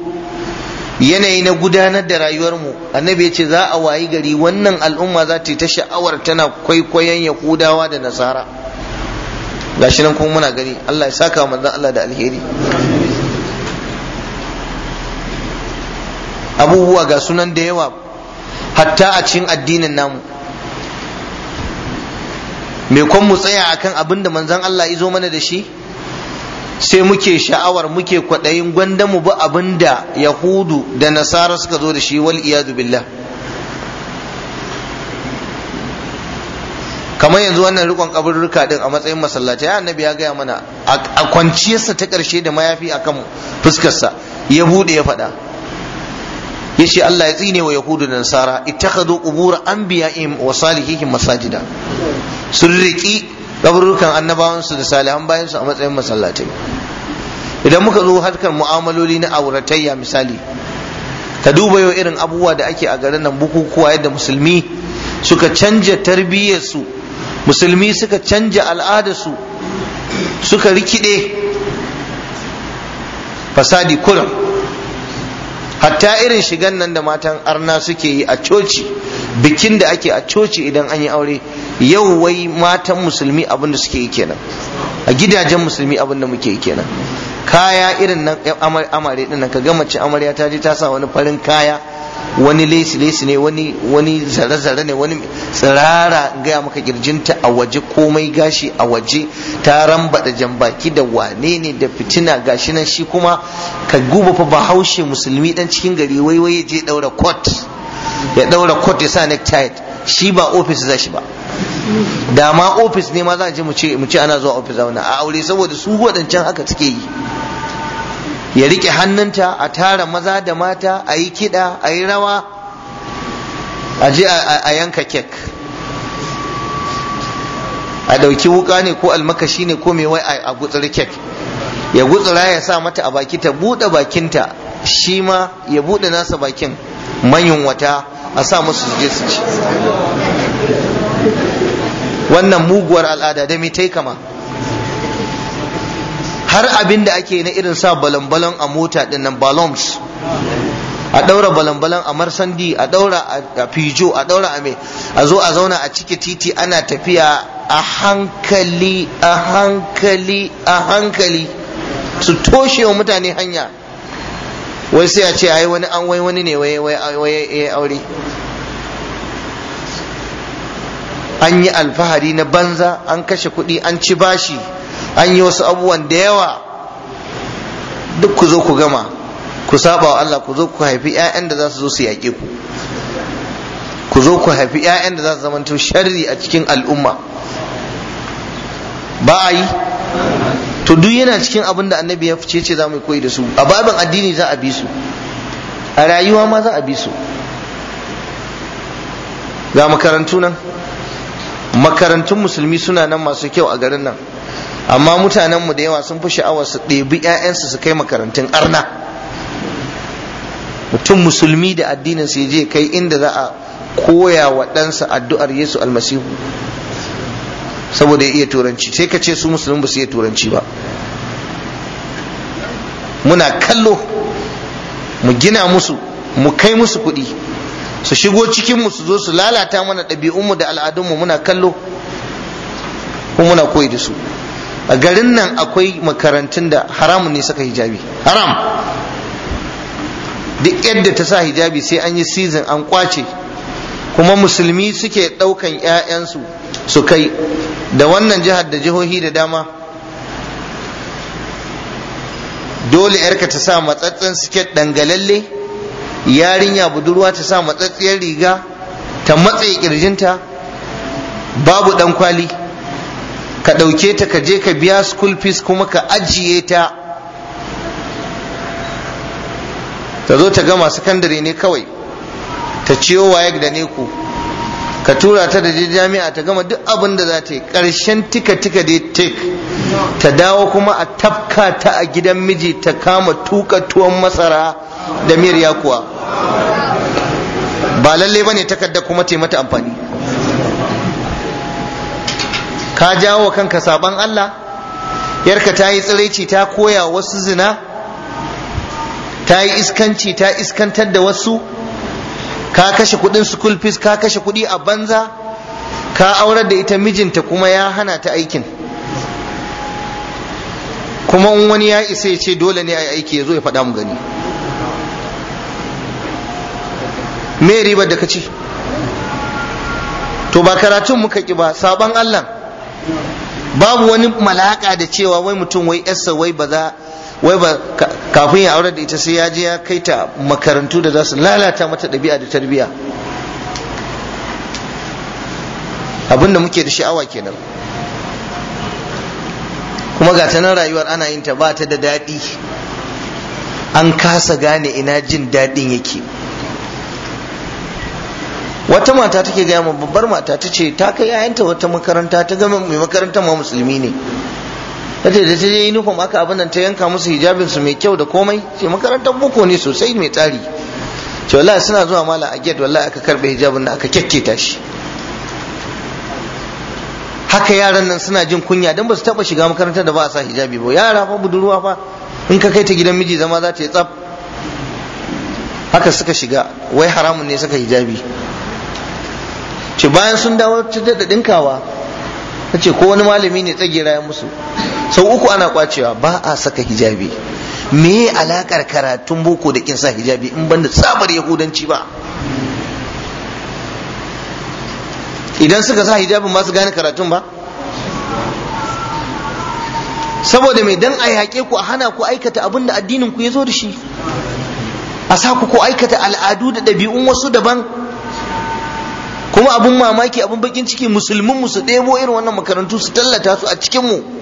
yanayi na gudanar da rayuwarmu annabi ya ce za a wayi gari wannan al'umma za ta ta sha'awar tana kwaikwayon yahudawa da nasara gashi nan kuma muna gani allah ya saka manzon allah da alheri abubuwa ga sunan da yawa hatta a cikin addinin namu me kon mu tsaya akan abin da manzon Allah ya zo mana da shi sai muke sha'awar muke kwaɗayin gwanda mu bi abin da yahudu da nasara suka zo da shi wal iyadu billah kamar yanzu wannan rikon kaburruka din a matsayin masallaci ya annabi ya gaya mana a kwanciyarsa ta karshe da mayafi akan fuskarsa ya bude ya faɗa ya ce Allah ya tsine wa yahudu da nasara ittakhadhu qubur anbiya'im wa salihihim masajida sun riƙi kaburukan annabawansu da salihan bayansu a matsayin masallatai idan muka zo harkar mu'amaloli na auratayya misali ka duba yau irin abubuwa da ake a garin nan bukukuwa yadda musulmi suka canja tarbiyyarsu musulmi suka canja al'adarsu suka rikide fasadi kurum. hatta irin shigan nan da matan arna suke yi a coci bikin da ake a coci idan an yi aure yau wai matan musulmi abin da suke yi kenan a gidajen musulmi abin muke yi kenan kaya irin nan amare din ka gama ce amarya ta je ta sa wani farin kaya wani lesi lesi ne wani wani zare zare ne wani tsirara gaya maka girjinta a waje komai gashi a waje ta rambada jambaki da wane ne da fitina gashi nan shi kuma ka guba fa bahaushe musulmi dan cikin gari wai wai je daura court ya daura kot ya sa necktie shi ba ofis za shi ba da ma ofis ne ma za a ji mu ce ana zuwa ofis zauna a aure saboda su waɗancan haka suke yi ya rike hannunta a tara maza da mata a yi kiɗa a yi rawa a je a yanka kek a ɗauki wuƙa ne ko almakashi ne ko mai wai a gutsuri kek ya gutsura ya sa mata a baki ta buɗe bakinta shi ma ya buɗe nasa bakin Manyan wata a sa musu su je su ci wannan muguwar al'ada da mai tai kama har abin da ake na irin sa balambalan a mota dinnan balons a daura balambalan a marsandi a daura a fijo a daura a mai a zo a zauna a ciki titi ana tafiya a hankali a hankali a hankali su toshe wa mutane hanya wai sai a ce ai wani an wai wani ne wai wai aure an yi alfahari na banza an kashe kuɗi an ci bashi an yi wasu abubuwan da yawa duk ku zo ku gama ku saba wa Allah ku zo ku haifi ƴaƴan da za su zo su yaƙe ku ku zo ku haifi 'ya'yan da za su zamanto sharri a cikin al'umma ba a yi to duk yana cikin abin da annabi ya fice ce za mu koyi da su a babin addini za a bi su a rayuwa ma za a bi su ga makarantu nan makarantun musulmi suna nan masu kyau a garin nan amma mutanen mu da yawa sun fi sha'awar su ɗebi 'ya'yansu su kai makarantun arna mutum musulmi da addinin su je kai inda za a koya wa ɗansa addu'ar yesu almasihu saboda ya iya turanci sai ka ce su musulmi ba su iya turanci ba muna kallo mu gina musu mu kai musu kuɗi su shigo cikinmu su zo su lalata mana ɗabi'unmu da al'adunmu muna kallo ko muna koyi da su a garin nan akwai makarantun da haramun ne saka hijabi haram duk yadda ta sa hijabi sai an yi season an kwace kuma musulmi suke ɗaukan 'ya'yansu su kai da wannan jihar da jihohi da dama dole yarka ta sa matsatsen siket dangalalle yarinya budurwa ta sa matsatsiyar riga ta matse ƙirjinta, babu dan kwali ka ɗauke ta ka je ka biya school fees kuma ka ajiye ta ta zo ta gama sakandare ne kawai ta ciyo waye da ne ku ka tura ta da je jami'a ta gama duk abin da za ta yi ƙarshen tika tika dai tik ta dawo kuma a tafka ta a gidan miji ta kama tuka tuwon masara da miyar yakuwa ba lalle ba ne takarda kuma ta mata amfani ka jawo kanka sabon Allah yarka ta yi tsiraici ta koya wasu zina ta yi iskanci ta iskantar da wasu ka kashe kudin school fees ka kashe kudi a banza ka aurar da ita mijinta kuma ya hana ta aikin kuma in wani ya isa ya ce dole ne a aiki ya zo ya faɗa mu gani me ribar da ka ci to ba karatun muka ki ba sabon allah babu wani malaka da cewa wai mutum wai yarsa wai ba wai ba kafin ya aure da ita sai ya je ya kai ta makarantu da za su lalata mata ɗabi'a da tarbiyya abin da muke da sha'awa kenan kuma ga ta rayuwar ana yin ta ba ta da daɗi an kasa gane ina jin daɗin yake wata mata take gaya ma babbar mata ta ce ta kai yayanta wata makaranta ta gama mai makaranta ma musulmi ne ta ce da ta je uniform aka abin nan ta yanka musu hijabin su mai kyau da komai ce makarantar boko ne sosai mai tsari ce wallahi suna zuwa mala a gate wallahi aka karbe hijabin nan aka kyakketa shi haka yaran nan suna jin kunya don ba su taba shiga makarantar da ba a sa hijabi ba yara fa budurwa fa in ka kai ta gidan miji zama za ta yi tsaf haka suka shiga wai haramun ne suka hijabi ce bayan sun dawo ta da ɗinkawa ta ce ko wani malami ne tsagera ya musu sau uku ana kwacewa ba a saka hijabi me ya alakar karatun boko da kin sa hijabi in banda tsabar yahudanci ba idan suka sa hijabin masu su gane karatun ba saboda mai dan a yaƙe ku a hana ku aikata abin da addinin ku ya zo da shi a sa ku ko aikata al'adu da ɗabi'un wasu daban kuma abin mamaki abin bakin ciki musulmin su ɗebo irin wannan makarantu su tallata su a cikin mu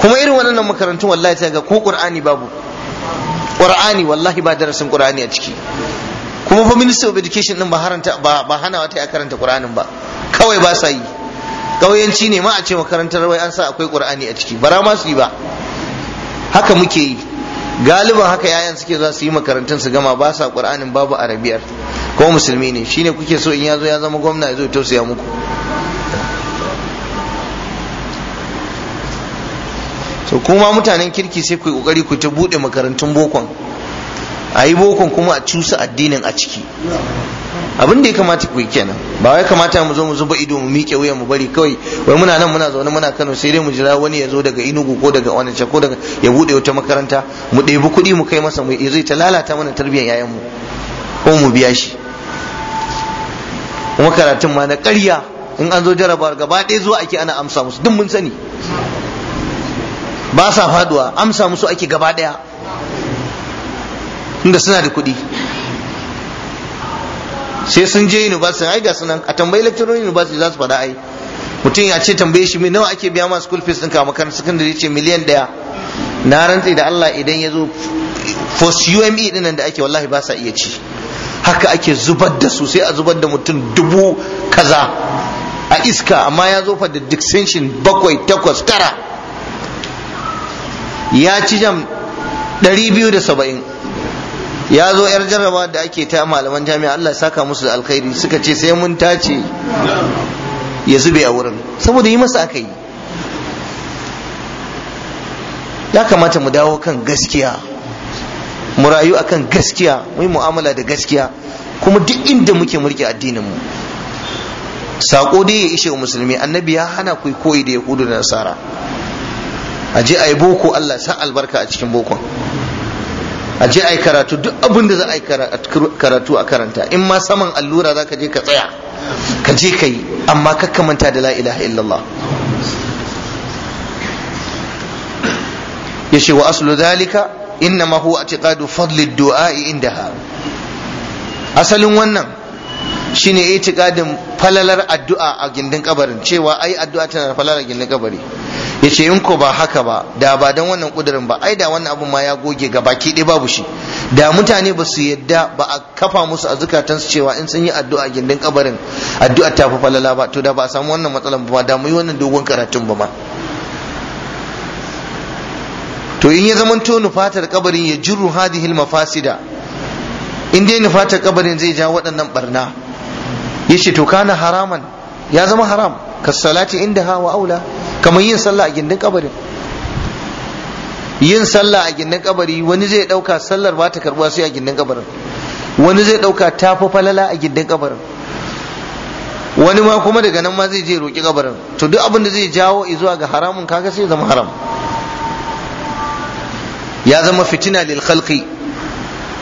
kuma irin wannan makarantun wallahi sai ga ko qur'ani babu qur'ani wallahi ba darasin qur'ani a ciki kuma fa minister of education din ba haranta ba ba hana wata ya karanta qur'anin ba kawai ba sa yi kauyanci ne ma a ce makarantar wai an sa akwai qur'ani a ciki bara ma su yi ba haka muke yi galiban haka yayan suke zuwa su yi makarantun su gama ba sa qur'anin babu arabiyar ko musulmi ne shine kuke so in yazo ya zama gwamna ya zo tausaya muku to kuma mutanen kirki sai ku yi kokari ku ta bude makarantun bokon a yi bokon kuma a cusa addinin a ciki abin da ya kamata ku yi kenan ba wai kamata mu zo mu zuba ido mu miƙe wuya mu bari kawai wai muna nan muna zaune muna Kano sai dai mu jira wani ya zo daga Enugu ko daga Onitsha ko daga ya bude wata makaranta mu ɗebi kuɗi mu kai masa mu zai ta lalata mana tarbiyyar yayan mu ko mu biya shi kuma karatun ma na ƙarya in an zo jarabawar gaba ɗaya zuwa ake ana amsa musu duk mun sani ba sa faduwa amsa musu ake gaba daya inda suna da kuɗi sai sun je university ai ga sunan a tambayi lecturer university za su faɗa ai mutum ya ce tambaye shi mai nawa ake biya ma school fees ka makarantar secondary ce miliyan ɗaya na rantsi da Allah idan ya zo post UME nan da ake wallahi ba sa iya ci haka ake zubar da su sai a zubar da mutum dubu kaza a iska amma ya zo fa da distinction bakwai takwas tara ya ci jam 270 ya zo yar jarraba da ake ta malaman jami'a Allah saka musu da alkhairi suka ce sai mun tace ya zube a wurin saboda yi masa aka yi ya kamata mu dawo kan gaskiya mu rayu akan gaskiya mu yi mu'amala da gaskiya kuma duk inda muke mulki addinin mu sako dai ya ishe musulmi annabi ya hana ku koyi da yahudu da nasara a je a yi boko Allah sa albarka a cikin bokon a je a yi karatu duk abin da za a yi karatu a karanta in ma saman allura za ka je ka tsaya ka je ka yi amma ka manta da la ilaha illallah ya ce wa aslu dalika inna ma huwa atiqadu fadli inda ha? asalin wannan shine itikadin falalar addu'a a gindin kabarin cewa ai addu'a tana da falalar gindin kabari yace in ko ba haka ba da ba dan wannan kudirin ba ai da wannan abun ma ya goge ga baki ɗaya babu shi da mutane ba su yadda ba a kafa musu a zukatansu cewa in sun yi addu'a a gindin kabarin addu'a ta fi falala ba to da ba a samu wannan matsalan ba da mu yi wannan dogon karatun ba ma to in ya zamanto nufatar kabarin ya jiru hadihil mafasida in dai nufatar kabarin zai ja waɗannan barna yace to kana haraman ya zama haram ka salati inda hawa aula kamar yin sallah a gindin kabarin yin sallah a gindin kabari wani zai dauka sallar ba ta karbuwa sai a gindin kabarin wani zai dauka tafi falala a gindin kabarin wani ma kuma daga nan ma zai je roƙi kabarin to duk abin da zai jawo zuwa ga haramun kaga sai zama haram ya zama fitina lil khalqi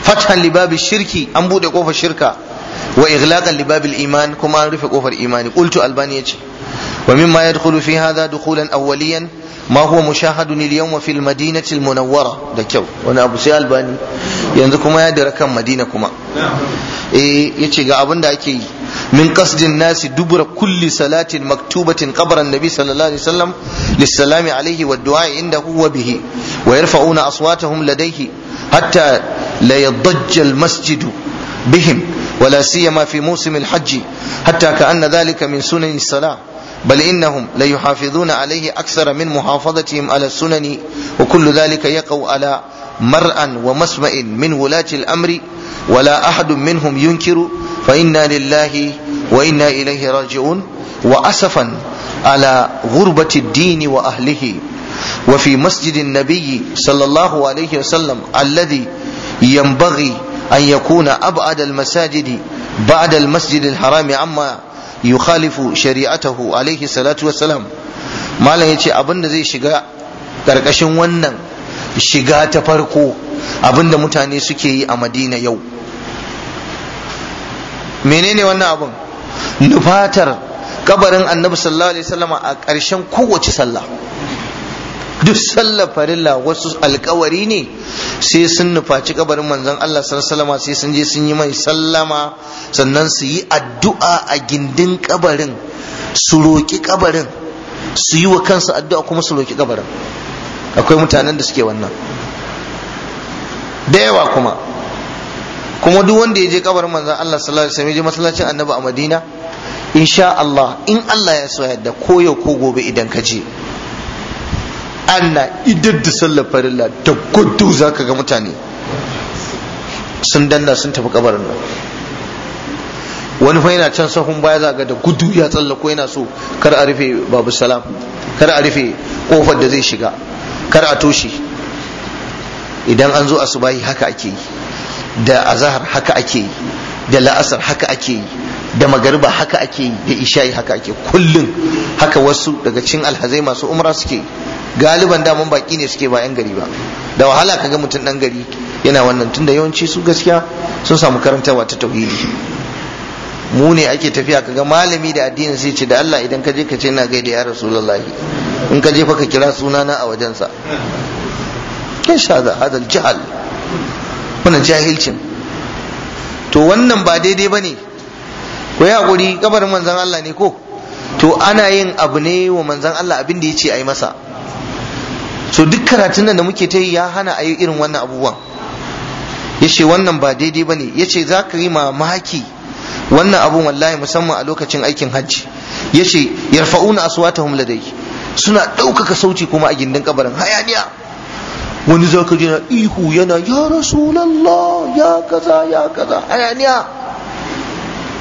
fathan libabi shirki an bude kofar shirka wa ighlaqan libabil iman kuma an rufe kofar imani qultu albani yace wa mimma yadkhulu fi hadha dukhulan awwaliyan ma huwa mushahadun al-yawm fi al-madinati al-munawwara da kyau wani abu sai albani yanzu kuma ya dira kan madina kuma eh yace ga abin da ake yi min qasdin nasi dubura kulli salatin maktubatin qabran nabi sallallahu alaihi wasallam lis-salami wa wad-du'a indahu wa bihi wa yarfa'una aswatahum ladayhi hatta la yadajja al-masjidu bihim ولا سيما في موسم الحج حتى كأن ذلك من سنن الصلاة بل إنهم ليحافظون عليه أكثر من محافظتهم على السنن وكل ذلك يقع على مرأ ومسمع من ولاة الأمر ولا أحد منهم ينكر فإنا لله وإنا إليه راجعون وأسفا على غربة الدين وأهله وفي مسجد النبي صلى الله عليه وسلم الذي ينبغي أن يكون أبعد المساجد بعد المسجد الحرام عما يخالف شريعته عليه الصلاة والسلام ما لا يتي أبن ذي شقاء كركشن ونن شقاء تفرقو أبن متاني سكي أمدين يو menene wannan abun nufatar kabarin annabi sallallahu alaihi wasallam a ƙarshen kowace sallah duk sallar farilla wasu alkawari ne sai sun nufaci kabarin manzon Allah sallallahu sai sun je sun yi mai sallama sannan su yi addu'a a gindin kabarin su roƙi kabarin su yi wa kansu addu'a kuma su roƙi kabarin akwai mutanen da suke wannan da yawa kuma kuma duk wanda ya je kabarin manzon Allah sallallahu ya je masallacin Annabi a Madina insha Allah in Allah ya so yadda ko yau ko gobe idan ka je ana idar da sallar farilla da gudu za ka ga mutane sun danna sun tafi kabarin nan wani fa yana can sahun baya za ga da gudu ya tsalla ko yana so kar a rufe babu salam kar a rufe kofar da zai shiga kar a toshe idan an zo asubahi haka ake yi da azahar haka ake yi da la'asar haka ake yi da magariba haka ake yi da isha'i haka ake kullum haka wasu daga cin alhazai masu umra suke galiban daman baki ne suke ba 'yan gari ba da wahala kaga mutum dan gari yana wannan tunda yawanci su gaskiya sun samu karantarwa ta tauhidi mu ne ake tafiya kaga malami da addini sai ce da Allah idan ka je ka ce na gaida ya rasulullahi in ka je fa ka kira sunana a wajensa kin sha da hadal jahal wannan jahilcin to wannan ba daidai ba ne ku yi haƙuri kabarin manzan Allah ne ko to ana yin abu ne wa manzan Allah abin da ya ce a masa so duk karatun nan da muke ta yi ya hana ayi irin wannan abubuwan ya ce wannan ba daidai ba ne ya ce za ka yi mamaki wannan abun wallahi musamman a lokacin aikin hajji ya ce yarfa'una aswatahum ladai suna ɗaukaka sauci kuma a gindin kabarin hayaniya wani za ka ji yana ihu yana ya rasulallah ya kaza ya kaza hayaniya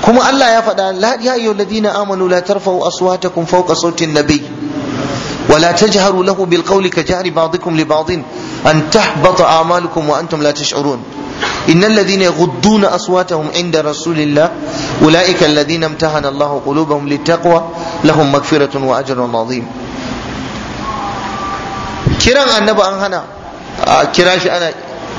kuma Allah ya faɗa la ya ayyuhal ladina amanu la tarfa'u aswatakum fawqa sautin nabiy wa la tajharu lahu bil qawli ka jahri ba'dikum li ba'din an tahbata a'malukum wa antum la tash'urun innal ladina yaghudduna aswatahum inda rasulillah ulaika alladhina imtahana Allah qulubahum littaqwa lahum maghfiratun wa ajrun 'azim kiran annabi an hana a kira shi ana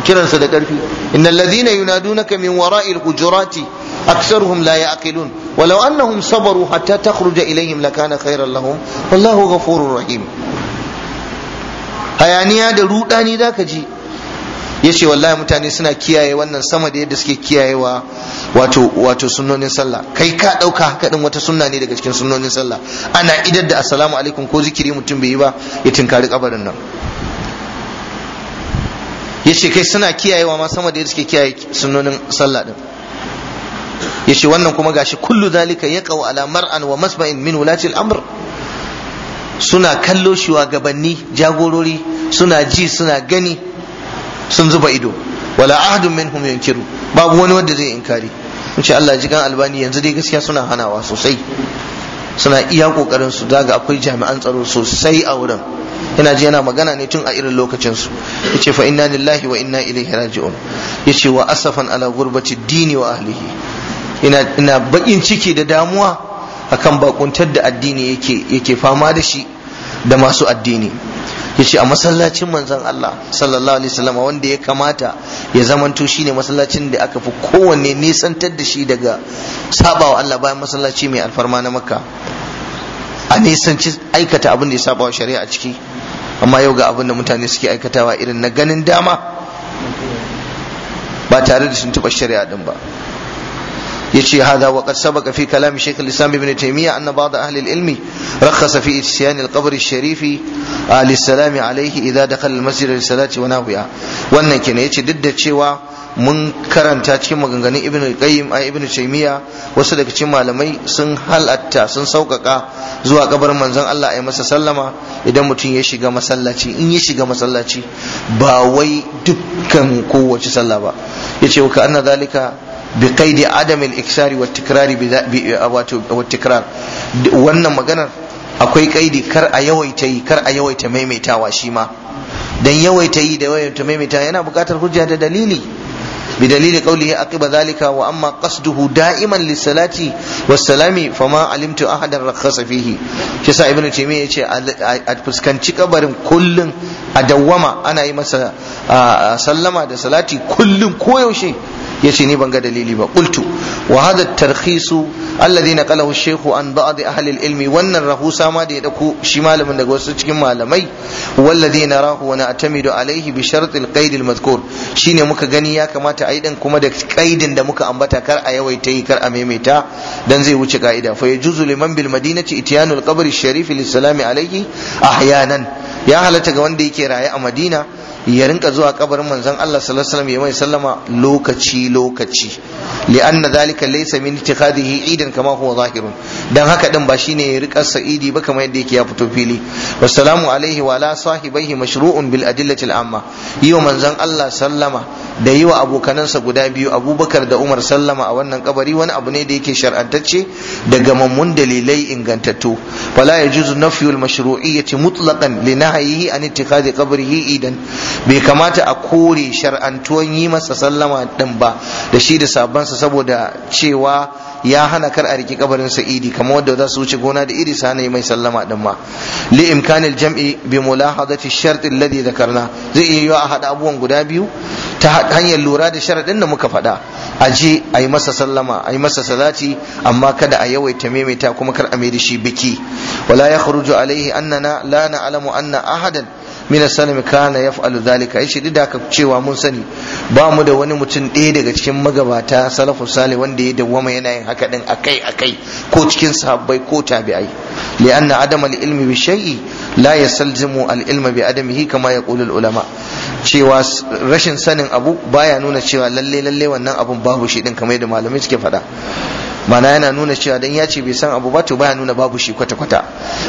kiransa da ƙarfi innal ladhina yunadunaka min wara'il hujurati aktharuhum la ya'qilun walau annahum sabaru hatta takhruja ilayhim lakana khairan lahum wallahu ghafurur rahim hayaniya da rudani zaka ji yace wallahi mutane suna kiyaye wannan sama da yadda suke kiyayewa wato wato sunnonin sallah kai ka dauka haka din wata sunna ne daga cikin sunnonin sallah ana idar da assalamu alaikum ko zikiri mutum bai yi ba ya tinkari kabarin nan yace kai suna kiyayewa ma sama da yadda suke kiyaye sunnonin sallah din yace wannan kuma gashi kullu zalika yaqau ala mar'an wa masba'in min wulati amr suna kallo gabanni jagorori suna ji suna gani sun zuba ido wala ahadun minhum yunkiru babu wani wanda zai inkari in ce Allah ji albani yanzu dai gaskiya suna hanawa sosai suna iya kokarin su daga akwai jami'an tsaro sosai a wurin yana ji yana magana ne tun a irin lokacin su yace fa inna lillahi wa inna ilaihi raji'un yace wa asafan ala gurbati dini wa ahlihi ina ina bakin ciki da damuwa akan bakuntar da addini yake yake fama da shi da masu addini yace a masallacin manzon Allah sallallahu alaihi wasallam wanda ya kamata ya zamanto shine masallacin da aka fi kowanne nisantar da shi daga sabawa Allah bayan masallaci mai alfarma na Makka a nisanci aikata abin da ya sabawa shari'a ciki amma yau ga abin da mutane suke aikatawa irin na ganin dama ba tare da sun taba shari'a din ba yace hada wa qad sabaqa fi kalam shaykh al-islam ibn taymiyyah anna ba'd ahli al-ilmi rakhasa fi isyan al-qabr al-sharif al-salam alayhi idha dakhala al-masjid li-salati wa nahwiha wannan kenan yace duk da cewa mun karanta cikin maganganun ibn al-qayyim ai ibn taymiyyah wasu daga cikin malamai sun halatta sun saukaka zuwa kabar manzon Allah ai masa sallama idan mutum ya shiga masallaci in ya shiga masallaci ba wai dukkan kowace sallah ba yace wa ka anna zalika bi qaidi adam al iksari wa bi wa tikrar wannan maganar akwai kaidi kar a yawaita yi kar a yawaita maimaitawa shi ma dan yawaita yi da yawaita maimaitawa yana buƙatar hujja da dalili Bi dalili zalika بدليل amma عقب ذلك salati قصده salami fa ma alimtu ahadan rakhasa fihi shi sa ibnu تيميه yace a fuskanci kabarin kullun a dawwama ana yi masa sallama da salati kullun koyaushe yace ni ban ga dalili ba qultu wa hadha at-tarkhis alladhi naqalahu ash-shaykh an ba'd ahli al-ilmi wannan rahusa ma da ya dauko shi malamin daga wasu cikin malamai walladhi narahu wa na'tamidu alayhi bi shart al-qaid al-madhkur shine muka gani ya kamata a idan kuma da qaidin da muka ambata kar a yawaita yi kar a maimaita dan zai wuce ka'ida fa yajuzu liman bil madinati ityanu al-qabr ash-sharif lis-salami alayhi ahyanan ya halatta ga wanda yake raye a madina ya rinka zuwa kabarin manzon Allah sallallahu alaihi wasallam mai sallama lokaci lokaci li'anna zalika laysa min ittikhadihi idan kama huwa zahirun dan haka din ba shine ya rika sa'idi ba kamar yadda yake ya fito fili wassalamu alaihi wa ala sahibaihi mashru'un bil adillati al amma yiwa manzon Allah sallama da yiwa abokanansa guda biyu Abubakar da Umar sallama a wannan kabari wani abu ne da yake shar'antacce daga mammun dalilai ingantattu wala yajuzu nafyu al mashru'iyyati mutlaqan li nahyihi an ittikhadi qabrihi idan bai kamata a kore shar'antuwan yi masa sallama din ba da shi da sabansa saboda cewa ya hana kar a riki kabarin sa'idi kamar wanda za su wuce gona da iri sana ne mai sallama din ma li imkanil jam'i bi mulahadati shart alladhi dhakarna zai iya yiwa a hada abubuwan guda biyu ta hanyar lura da sharadin da muka faɗa a je a yi masa sallama a yi masa salati amma kada a yawaita maimaita kuma kar a mai da shi biki wala ya kharuju alaihi annana la na'lamu anna ahadan min as kana yaf'alu zalika yace duk da aka cewa mun sani ba mu da wani mutum ɗaya daga cikin magabata salafu salih wanda ya dawwama yana yin haka din akai akai ko cikin sahabbai ko tabi'ai li'anna adam al-ilmi bi shay'i la yasalzimu al-ilma bi adamihi kama yaqulu al-ulama cewa rashin sanin abu baya nuna cewa lalle lalle wannan abun babu shi din kamar yadda malamai suke faɗa mana yana nuna cewa dan ya ce bai san abu ba to baya nuna babu shi kwata kwata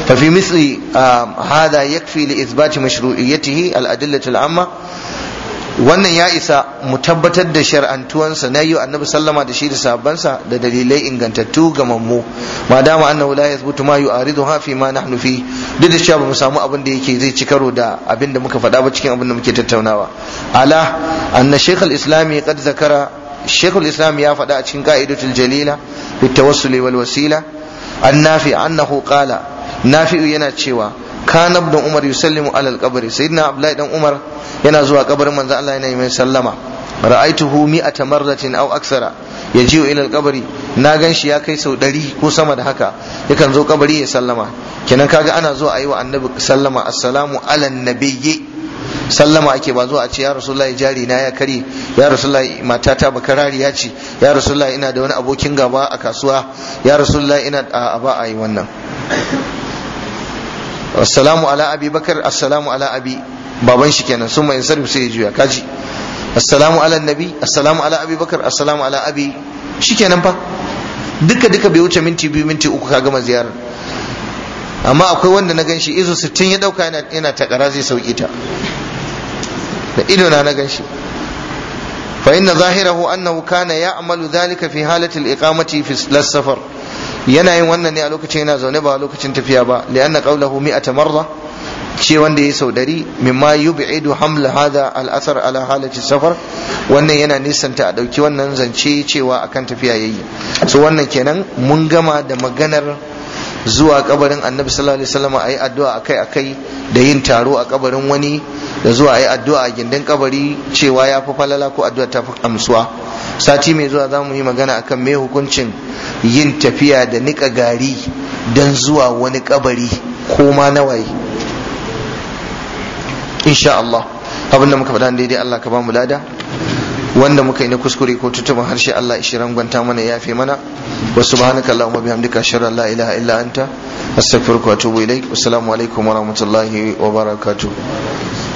fa fi misli ah, hadha yakfi li ithbati mashru'iyyatihi al adillatu amma wannan ya isa mu tabbatar da shar'antuwansa na yi annabi sallama da shi da sahabbansa da dalilai ingantattu ga mammu ma dama annahu la yathbutu ma yu'aridu ha fi ma nahnu fi duk da cewa bamu samu abin da yake zai ci karo da abin da muka faɗa ba cikin abin da muke tattaunawa ala anna shaykh al-islami qad zakara shekul islam ya faɗa a cikin ka'idatul jalila bitawassuli wal wasila annafi kala. qala nafi'u yana cewa kan ibn umar yusallimu alal qabri sayyidina abdullahi dan umar yana zuwa kabarin manzo Allah yana yi mai sallama a mi'ata marratin au aksara yaji'u ila al na gan shi ya kai sau ɗari ko sama da haka yakan zo kabari ya sallama kenan kaga ana zuwa ayi wa annabi sallama assalamu ala nabiyyi sallama ake ba zuwa a ce ya rasulullahi jari na ya kare ya rasulullahi matata bakarari ya ce ya rasulullahi ina da wani abokin gaba a kasuwa ya rasulullahi ina a ba a yi wannan assalamu ala abi bakar assalamu ala abi baban shi kenan sun mai sarfi sai ya juya kaji assalamu ala nabi assalamu ala abi bakar assalamu ala abi shikenan fa duka duka bai wuce minti biyu minti uku ka gama ziyarar amma akwai wanda na ganshi izo sittin ya dauka yana ta kara zai sauki ta da ido na na ganshi fa inna zahirahu annahu kana ya'malu dhalika fi halati al-iqamati fi safar yana yin wannan ne a lokacin yana zaune ba lokacin tafiya ba li'anna qawluhu mi'ata marra ce wanda ya sau dari mimma yub'idu hamla hadha al-athar ala halati safar wannan yana nisanta a dauki wannan zance cewa akan tafiya yayi so wannan kenan mun gama da maganar zuwa kabarin annabi sallallahu alaihi wasallam ayi addu'a akai akai da yin taro a kabarin wani da zuwa ayi addu'a a gindin kabari cewa ya fi falala ko addu'a ta fi amsuwa sati mai zuwa zamu yi magana akan me hukuncin yin tafiya da nika gari dan zuwa wani kabari ko ma nawaye insha Allah abinda muka faɗa daidai Allah ka bamu mu lada wanda muka yi na kuskure ko tutuma harshe Allah ya shirin gwanta mana ya fi mana wa subhanaka allahumma bihamdika ashhadu an la ilaha illa anta astaghfiruka wa atubu ilaik assalamu alaikum wa rahmatullahi wa barakatuh